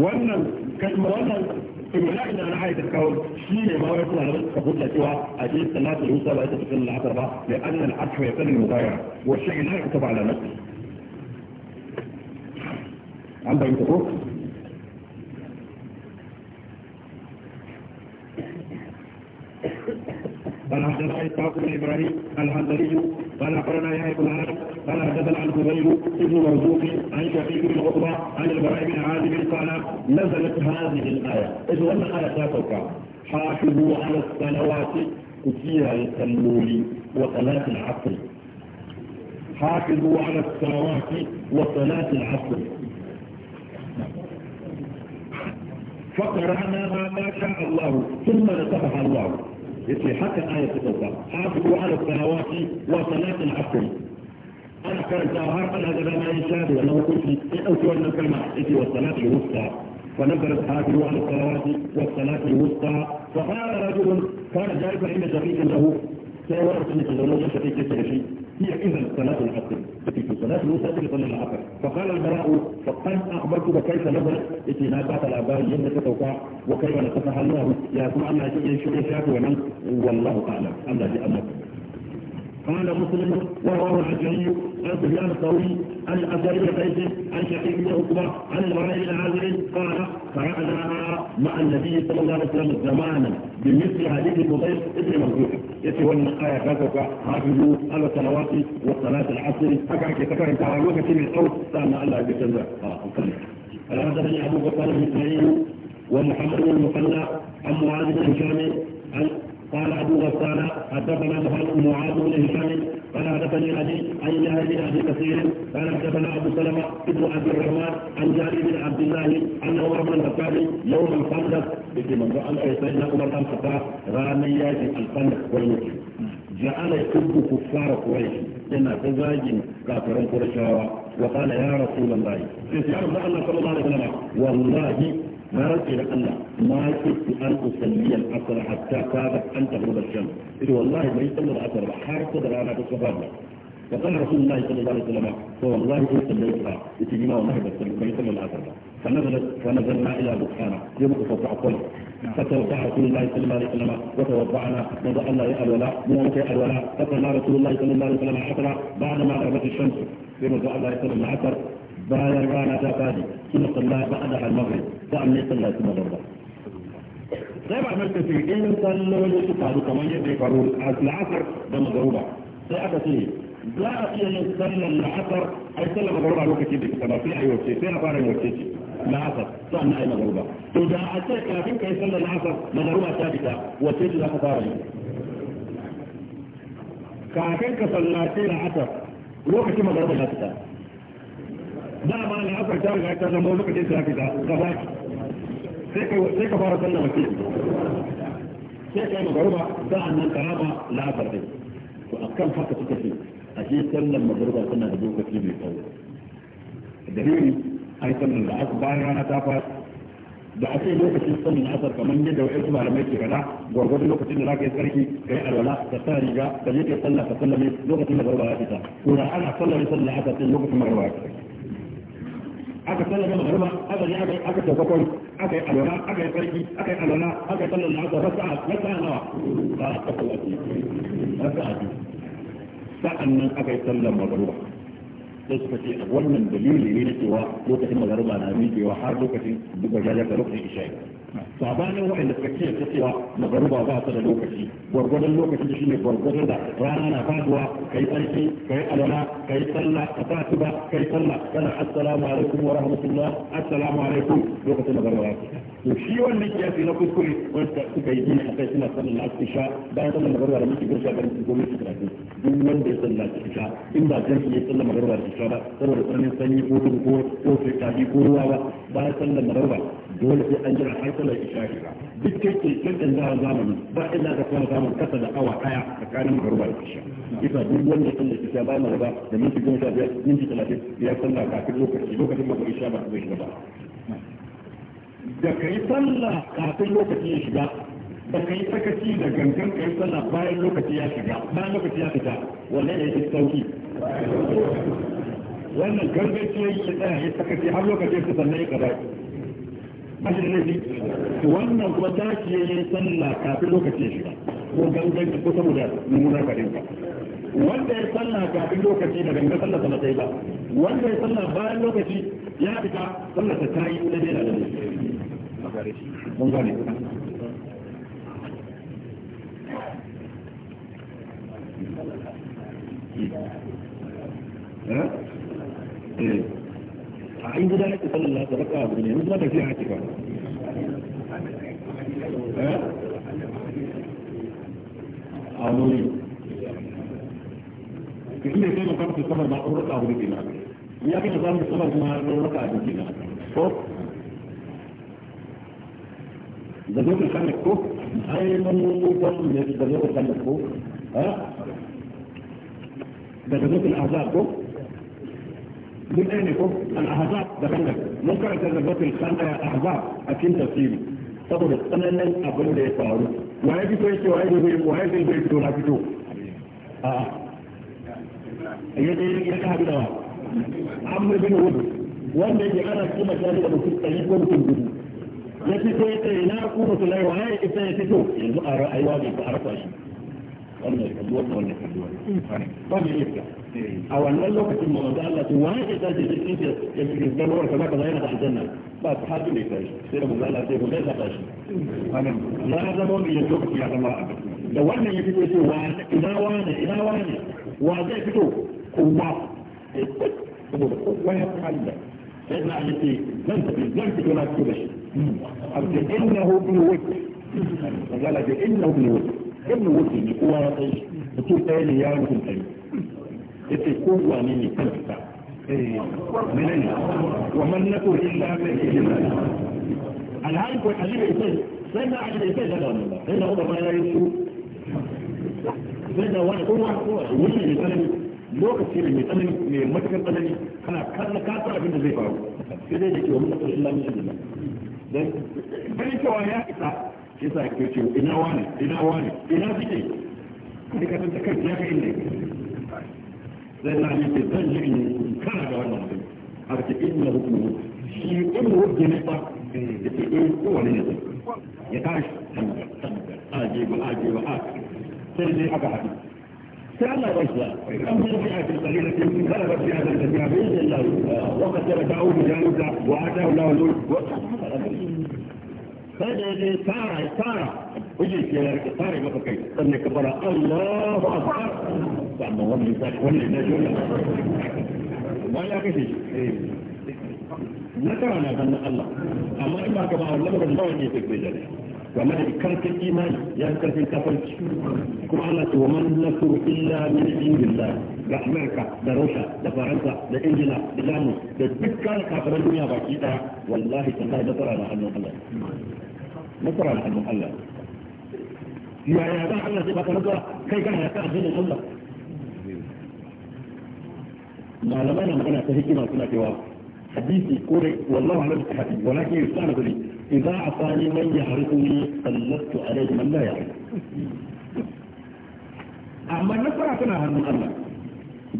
wannan kalmar wannan to ba ina na haita kawo shi ne ma wai kuma nan ka hujja cewa a je salatu al-usa ba ita ta sallar asar ba li anna al-asr ya sallu mubaya wa shay'in la yaktabu ala nafsi an bayyana ko قال حدثنا اسحاق بن ابراهيم الحنظلي قال اخبرنا يحيى بن هارب قال حدثنا عن زبير بن مرزوق عن شقيق بن عقبه عن البراء بن عازب قال نزلت هذه الايه اذ ان الايه تاتوك حافظوا على الصلوات كثيرة التنور وصلاه العصر حافظوا على الصلوات وصلاه العصر فقرأنا ما شاء الله ثم نتبع الله يتي حتى آية تتوقع عبدوا على السماوات وصلاة العصر أنا كان ظاهر أنا هذا ما يشاهد وأنا كنت أوتوا أن كلمة يتي والصلاة الوسطى فنزلت عبدوا على السماوات والصلاة الوسطى فقال رجل كان جالسا عند شقيق له سيورث من تزوجه شقيق الشيخ هي إذا صلاة العصر التي في صلاة موسى في صلاة العصر فقال البراء فقد أخبرتك كيف نزلت إذا نابات الآباء يدك توقع وكيف نتفها الله يا سمع الله شيء شيء شاك ومن والله أعلم الله جاء قال مسلم وهو الحجري وسفيان الثوري عن الأزهر بن عن شقيق بن عقبة عن بن قال فعلنا مع النبي صلى الله عليه وسلم زمانا بمثل حديث الفضيل ابن مرزوق يتي النقايا كذا حافظوا على الصلوات والصلاة العصر حكى كتكرم تعالى وقت من الأوس سألنا الله بكذا آه الحدثني أبو بكر بن إسماعيل ومحمد بن المثنى عن معاذ بن هشام قال ابو غسان حدثنا محمد بن معاذ بن هشام قال حدثني ابي اي جابر بن ابي كثير قال حدثنا ابو سلمه ابن عبد الرحمن عن جابر بن عبد الله عن عمر بن الخطاب يوم الخندق بك من رأى سيدنا عمر بن الخطاب رامي الخندق والمسلم جعل يحب كفار قريش لنا تزاج كافر قريش وقال يا رسول الله في الله صلى الله عليه وسلم والله ما رجل الله ما كنت أن أصلي العصر حتى كادت أن تغرب الشمس إذ والله ما يصلي العصر حارس دلانا بالصفات فقال رسول الله صلى الله عليه وسلم فوالله إن صليتها يتجمع ونهب السلم فيصلي العصر فنزلت فنزلنا إلى بطحانة يوم تتوقع كل نعم. فتوقع رسول الله صلى الله عليه وسلم وتوضعنا وضعنا يا الولاء من الولاء فصلى رسول الله صلى الله عليه وسلم عصر ما غربت الشمس يوم الله صلى الله عليه وسلم بعد رانا تا فادي بعدها المغرب فأمني صلى ثم غربت زي ما عملت في ايه اللي بتقعدوا كمان دي قرون على العصر ده مضروبه ده اكيد لا في السنه العصر اي سنه مضروبه على وقت دي كمان في ايوه في سنه فارق وقت دي العصر سنه اي مضروبه تجاه اتاك في كان سنه العصر مضروبه ثابته وتجي لها فارق كافين كصلاتي العصر وقت مضروبه ثابته ده معنى العصر ده غير كده لما وقت sai ka fara sallah mace sai ka yi magaruba sa'an nan ka raba la'asar ɗin to a kan haka suka ce a shi sallar magaruba suna da lokaci mai tsawo dalili ai sallar da aka bayan rana ta fara da ake lokacin sallar asar kamar yadda wa su malamai ke faɗa gwargwado lokacin da za ka yi tsarki ka yi alwala ka sa riga ka je ka sallah ka sallame lokacin da garba ya fita ko da ana sallame sallar asar sai lokacin garba ya fita aka sallame garba aka je aka aka tafi aka yi alwala aka yi sarki aka yi alwala aka yi sallar a rasa'a rasa'a nawa ba a kasa wasu rasa'a biyu sa'an nan aka yi sallar magaruba sai suka ce wannan dalili ne na cewa lokacin magaruba na wa har lokacin duka jajar da lokacin isha'i sabanin waɗanda suka ce ta cewa magaruba ba ta da lokaci gwargwadon lokaci ne gwargwadon da rana na faduwa kai tsarki kai alwala kai sallah ka fatu ba kai sallah kana assalamu alaikum wa rahmatullah assalamu alaikum lokacin su to shi wannan kiyasi na kuskure wanda suka yi a kai suna sallar al-isha bayan da muke gursa garin su gobe su karatu duk wanda ya sallar al-isha in ba jami'i ya sallar magaruba da isha ba saboda tsananin sanyi ko duhu ko ko ko ruwa ba bayan na magaruba dole sai an jira har sallar isha'i ba duk kai ke kankan za a zamani ba ina da kuma zamani kasa da awa daya tsakanin magruba da isha isa duk wanda kan da isha ba na ba da minti goma sha biyar minti talatin ya sallah kafin lokaci lokacin magruba isha ba zai shiga ba da kai sallah kafin lokaci ya shiga da kai sakaci da gangan kai sallah bayan lokaci ya shiga bayan lokaci ya fita wannan ya yi sauki wannan gangan ce ya tsaya ya sakaci har lokacin ya fita sannan ya gaba bashin laifi wannan kuma ta ce ya yi sallah kafin lokacin shiga ko gangan ko saboda mummunar fadinka wanda ya sallah kafin lokaci da ganga sallah sallah sai ba wanda ya sallah bayan lokaci ya fita sallah ta tayi na dena da mun gane Eh? Eh. a in gida ake sallar lafa raka abu ne yanzu tafiya ake ba a wani ka iya kai maka su samar ba a raka abu ne na ya kai da samun samar kuma raka abu ne na ko da zo ka kama ko ai man mutum ne da zo ka kama ko daga zo ka azab ko من اين يكون الاحزاب دخلت ممكن تزبط الخانه يا احزاب اكيد تسيب تقول انا لن اقول لي فارو وهذه بيت وهذه بيت وهذه بيت دون عبدو اه يدي يدي يدي يدي عمر بن ود وانا يجي انا كما كان يقول في التاريخ ممكن جدا يجي بيت هنا اقول لك لا يوهاي ابتدى يسيتو يقول ارى ايوه يبقى ارى طيب وانا يقول لك a wannan lokacin ma manzo Allah tun wani ya tashi cikin shi ya fi da ruwa kaza kaza yana da aljanna ba ta haɗu ne kai sai da manzo Allah sai gobe ta tashi na zama wani ya lokaci ya zama da wannan ya fito cewa ina wani ina wani wa zai fito kowa saboda kowa ya fi halin da sai na alifi zan tafi zan fito na fito da shi abda innahu bil wajh manzo Allah ce innahu bil wajh ibn wajh ne kowa ya san shi mutum ɗaya ne ya mutum ɗaya yace ko wane ne kanka eh, wa man illa ko sai da sai da ya yi su sai da wani ne lokaci ne mai mai tsanani kana kalla ka abin da zai faru sai dai da ke wa mun illa dan bai cewa ya isa ke ce ina wani ina wani ina ka san ta kai ya kai ne sai na yi ke zan yi in kana da wannan abin har ke in na hukumu shi in wuce ne ba da ke in kowane ne ya tashi tambar tambar aje ba aje ba aje sai dai aka haɗu كان رجلا أم رجعت القليلة غلبت في هذا الجميع بإذن الله وقد رجعوا بجانبها وآتاه الله الأول فجأة سارة سارة وجيت يا سارة ما بكيت أنك برا الله أكبر amma wannan zai wannan ne ba ya kashe na tara na ganin Allah amma in ba ka ba Allah ba ba wani yake bai jare wannan da karfin imani ya karfin kafarci kuma Allah ce wa man nasru illa min indillah da Amerika da Russia da Faransa da Ingila da Jamus da dukkan kafiran duniya baki daya wallahi tallahi da tara na hannun Allah nasara na hannun Allah yaya za Allah zai baka nasara kai kana ya sa addinin Allah malamai na magana ta hikima suna cewa hadisi ko dai wallahu alam hadisi walakin yusana bi idza asani man yahrifuni sallatu alayhi man la ya'rif amma fara tana hannun Allah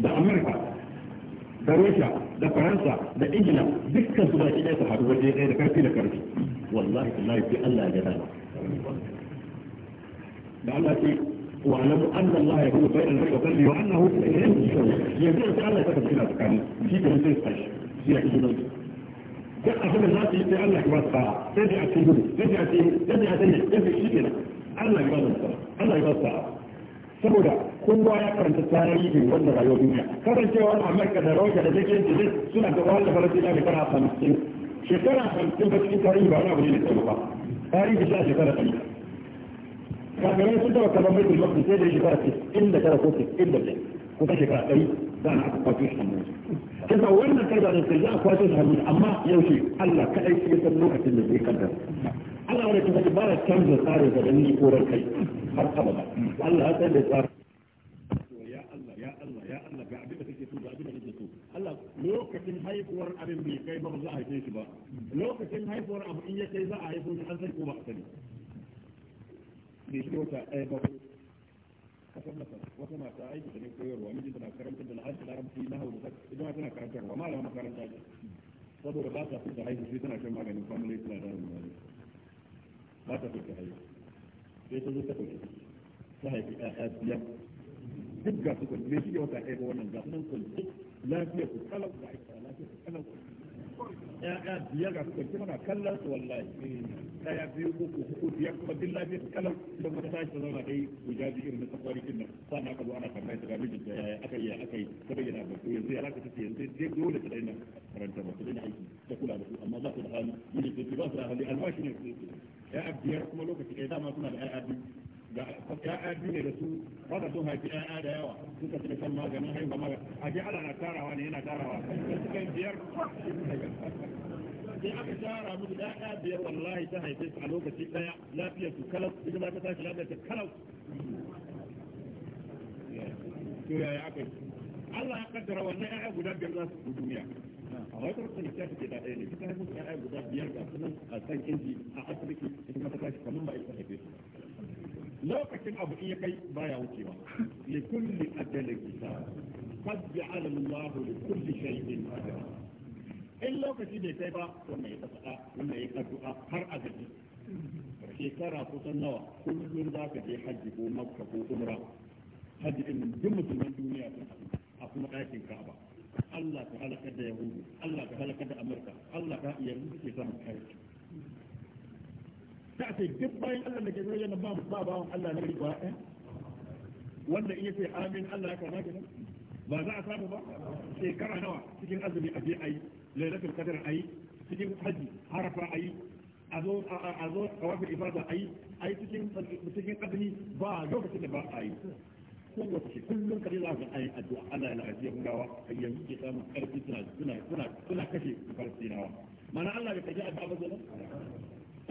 da Amerika da Russia da Faransa da Ingila dukkan su baki ɗaya su haɗu waje ɗaya da karfi da karfi wallahi tallahi sai Allah ya ga da Allah ce واعلموا ان الله يكون بين البر والبر وانه اليه الشر يبيع تعالى كتب كده كان في تنسيق قش في اجنبي ده اخر الناس اللي قال لك بس ترجع تقول ترجع ترجع تاني ترجع شيء كده الله يبارك الله يبارك saboda kowa ya karanta tarihin wanda rayuwar duniya kasancewar amurka da rawa da take yin suna da wanda falasina da kana 50 shekara 50 ba cikin tarihi ba na abu ne da ba tarihi shi a shekara 50 فاحنا لما كنت كمان بيت الوقت تقدر يجي بقى كده انت ترى صوتك انت اللي كنت شايفها اي ده انا كنت كنت اولنا كده على الترجاع كويس هم اما يمشي الا كاي شيء في النقطه اللي بيقدر الله ولا كنت بقى كم زاري ده اني كوره كاي مرحبا الله هذا اللي صار يا الله يا الله يا الله بعدك كيف تقول بعدك كيف تقول الله لو كنت هاي كور ارمي كيف بقى هاي كيف بقى لو كنت هاي كور ابو انيه كيف بقى هاي كنت حنزل كوره bai shi wata ɗaya ba kasar masar wata mata aiki da ne koyarwa mijin tana karanta da la'arci larabci na hau da idan tana karantarwa malama makaranta ce saboda ba ta fi da haihu tana shan maganin family tana da rumuni ba ta fi da haihu sai ta zo ta ɗauki ta haifi ɗaya biyar duk ga su kwanci mai shi wata ɗaya ba wannan ga sunan kwanci lafiya ku kalau da aiki lafiya ku kalau ya'ya biyar ga suka kira kallon su wallahi daya biyu biyar kuma lafiyar kalam don wata tashi ta zauna dai ku ja irin na safari din nan ana tambaya ta ga mijin yaya aka yi aka yi ta bayyana ba yanzu ya raka yanzu dai dole ta daina karanta ba ta daina aiki ta kula da su amma za su da hali mijin ta ba su da hali albashi ne su ya'ya biyar kuma lokaci ɗaya dama suna da ya'ya biyu ga ya'ya biyu ne da su wanda sun haifi ya'ya da yawa suka fi kan maganin haihuwa mara a ji ana na tarawa ne yana tarawa suka biyar sai aka tara musu ya'ya biyar wallahi ta haife su a lokaci daya lafiyar su kalau ita ma ta tashi lafiyar ta kalau to yaya aka yi Allah ya kaddara wannan ya'ya guda biyar za su duniya a wata rukun da tafi da ɗaya ne ta haifu ya'ya guda biyar ga sunan a san inji a asibiti ita ma ta tashi kamar ba ita haife su lokacin abu in ya kai baya wucewa li kulli ajalin kitab qad ja'ala Allah li kulli shay'in ajala in lokaci bai kai ba wannan ya fasa'a wannan ya addu'a har ajabi shekara kusan nawa kullum za ka je hajji ko makka ko umra hajji din duk musulman duniya sun a kuma ɗakin ka'aba Allah ka halaka da yahudu Allah ka halaka da amurka Allah ka yanzu suke samun kai za a ce duk bayan Allah da ke zai yana ba ba bawan Allah na rikwa ɗaya wanda in yace amin Allah ya kama ki ba za a samu ba shekara nawa cikin azumi a je a ayi lailatul qadr yi cikin haji harafa a ayi a zo a zo kawafin ibada ayi ayi cikin cikin azumi ba lokacin da ba a yi kowace kullum kare za ka ayi addu'a Allah ya lafiya gawa yanzu ke samun karfi suna suna suna kashe farfinawa mana Allah bai kaji addu'a ba zai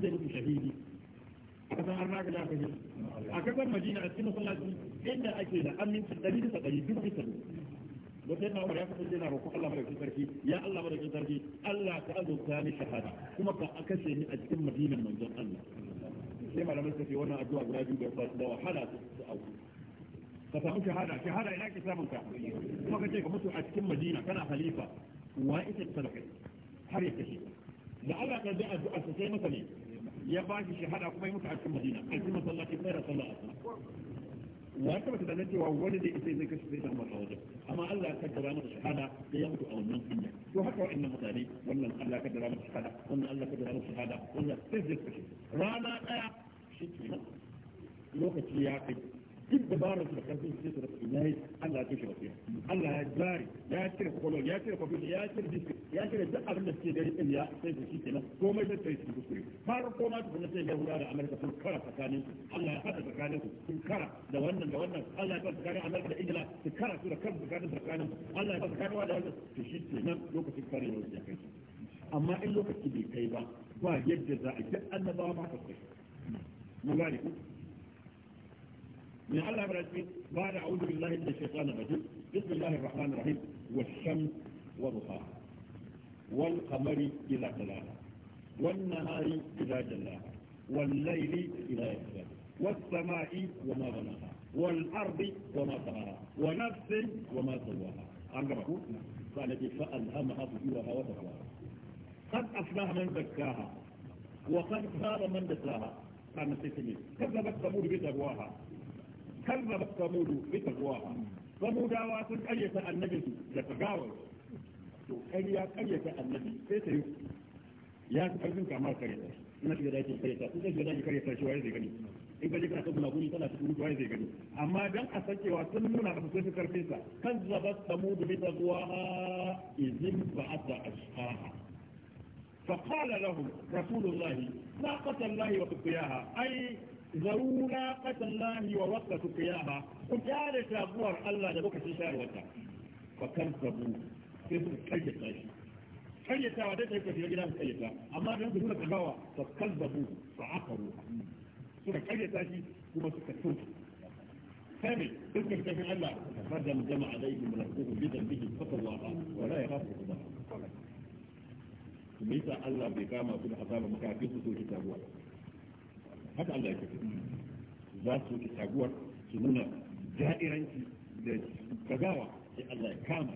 zai mutu shahidi kasan har maka lafi ne a kasar madina a cikin masallaci inda ake da aminci ɗari bisa ɗari duk bisa da sai na ya kasance yana roƙon Allah madaukakin sarki ya Allah madaukakin sarki Allah ka azurta ni shahada kuma ka akace ni a cikin madinar manzon Allah sai malamai suka ce wannan addu'a guda biyu da da wahala su auku ka samu shahada shahada ina ke samun ka kuma ka ce ka mutu a cikin madina kana halifa wa ita talaka har ya kashe da Allah ka da addu'a sai masa ne ya ba shi shahada kuma yi mutu a cikin madina a cikin masallaci mai rasan da asma wa ta bata da cewa wani da ita zai kashe sai ta masa wajen amma Allah ya kaddara masa shahada da ya mutu a wannan hanya to haka wa'annan mutane wannan Allah ya kaddara masa shahada wannan Allah ya kaddara masa shahada wannan sai zai kashe rana daya shi ke lokaci ya kai duk da su da karfin sai su da su yayi Allah ya kashe basira Allah ya jari ya cire kwakwalwa ya cire kwakwalwa ya cire diski ya cire duk abin da suke gari din ya sai su shike nan komai da sai su kuskure har ko ma su kuma sai ya hura da Amerika sun kara tsakanin su Allah ya hada tsakanin su sun kara da wannan da wannan Allah ya kara tsakanin Amerika da Ingila su kara su da kan tsakanin tsakanin Allah ya kara tsakanin da wannan su shike nan lokacin kare yau ya kai amma in lokaci bai kai ba ba yadda za a yi annabawa ma ka kai mun gane ku من الله بعد أعوذ بالله من الشيطان الرجيم بسم الله الرحمن الرحيم والشمس وضحاها والقمر إذا تلاها والنهار إذا جلاها والليل إذا يسرها والسماء وما بناها والأرض وما طهاها ونفس وما سواها أنقبه قالت فألهمها فجورها وتقواها قد أفلاها من زكاها وقد خاب من دساها كان سيسمين كذبت ثمود بتقواها كذب ثمود بتقواها ثمود واسن أية النبي يتقاوى أي أية النبي سيسيو يا أرجوك ما كريتا إنك بداية كريتا إنك بداية كريتا شو عايز يقني in ka je kana tabbuna guri tana cikin ruwa zai gani amma dan a san cewa sun nuna ba su karfin sa kan zaba samud bi taqwa izin فقال لهم رسول الله ناقة الله وقطياها أي zaru na kasan lahi wa wasa su kiyama ku kyale tabuwar Allah da lokacin shayarwarta fa kan sabu sai su karyata shi karyatawa dai sai ka shiga gidan karyata amma dan su nuna tagawa fa kan sabu fa akaru suka karyata shi kuma suka tsoki ثاني تذكر كيف الله الله ولا يخاف الله ليس الله بكامة كل حساب مكافئة سوء haka Allah ya kace za su ki taguwar su nuna da'iranki da kagawa sai Allah ya kama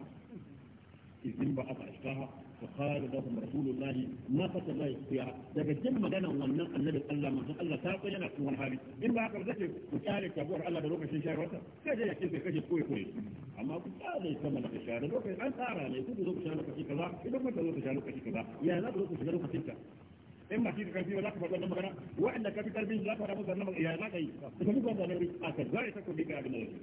izin ba aka ashkaha فقال لهم رسول الله ما قتل الله يستطيع daga jin maganan wannan annabi Allah manzo Allah ta ko yana cikin hali in ba haka zai ku tsare kabuwar Allah da lokacin shayarwarsa sai dai yake sai kaje koyi koyi amma ku tsare sama da shayar lokacin an tsara ne ku zo ku shayar lokaci kaza idan ku zo ku shayar lokaci kaza ya za ku zo ku shayar lokacin kaza in ba shi da karfi ba za ka faɗi wannan magana wa'anda ka fi karfi za ka faɗa musu wannan magana ya za ka yi ka fi ba wannan wuri a kan zai ta kuɗi ga abin da yake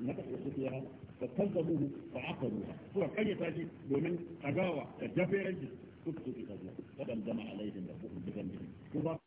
na ka ɗauki su yana ka kazzabu ba a aka ruwa kanye ta shi domin a gawa da jafe ranci su ka suka ka zuwa waɗanda jama'a laifin da kuɗin da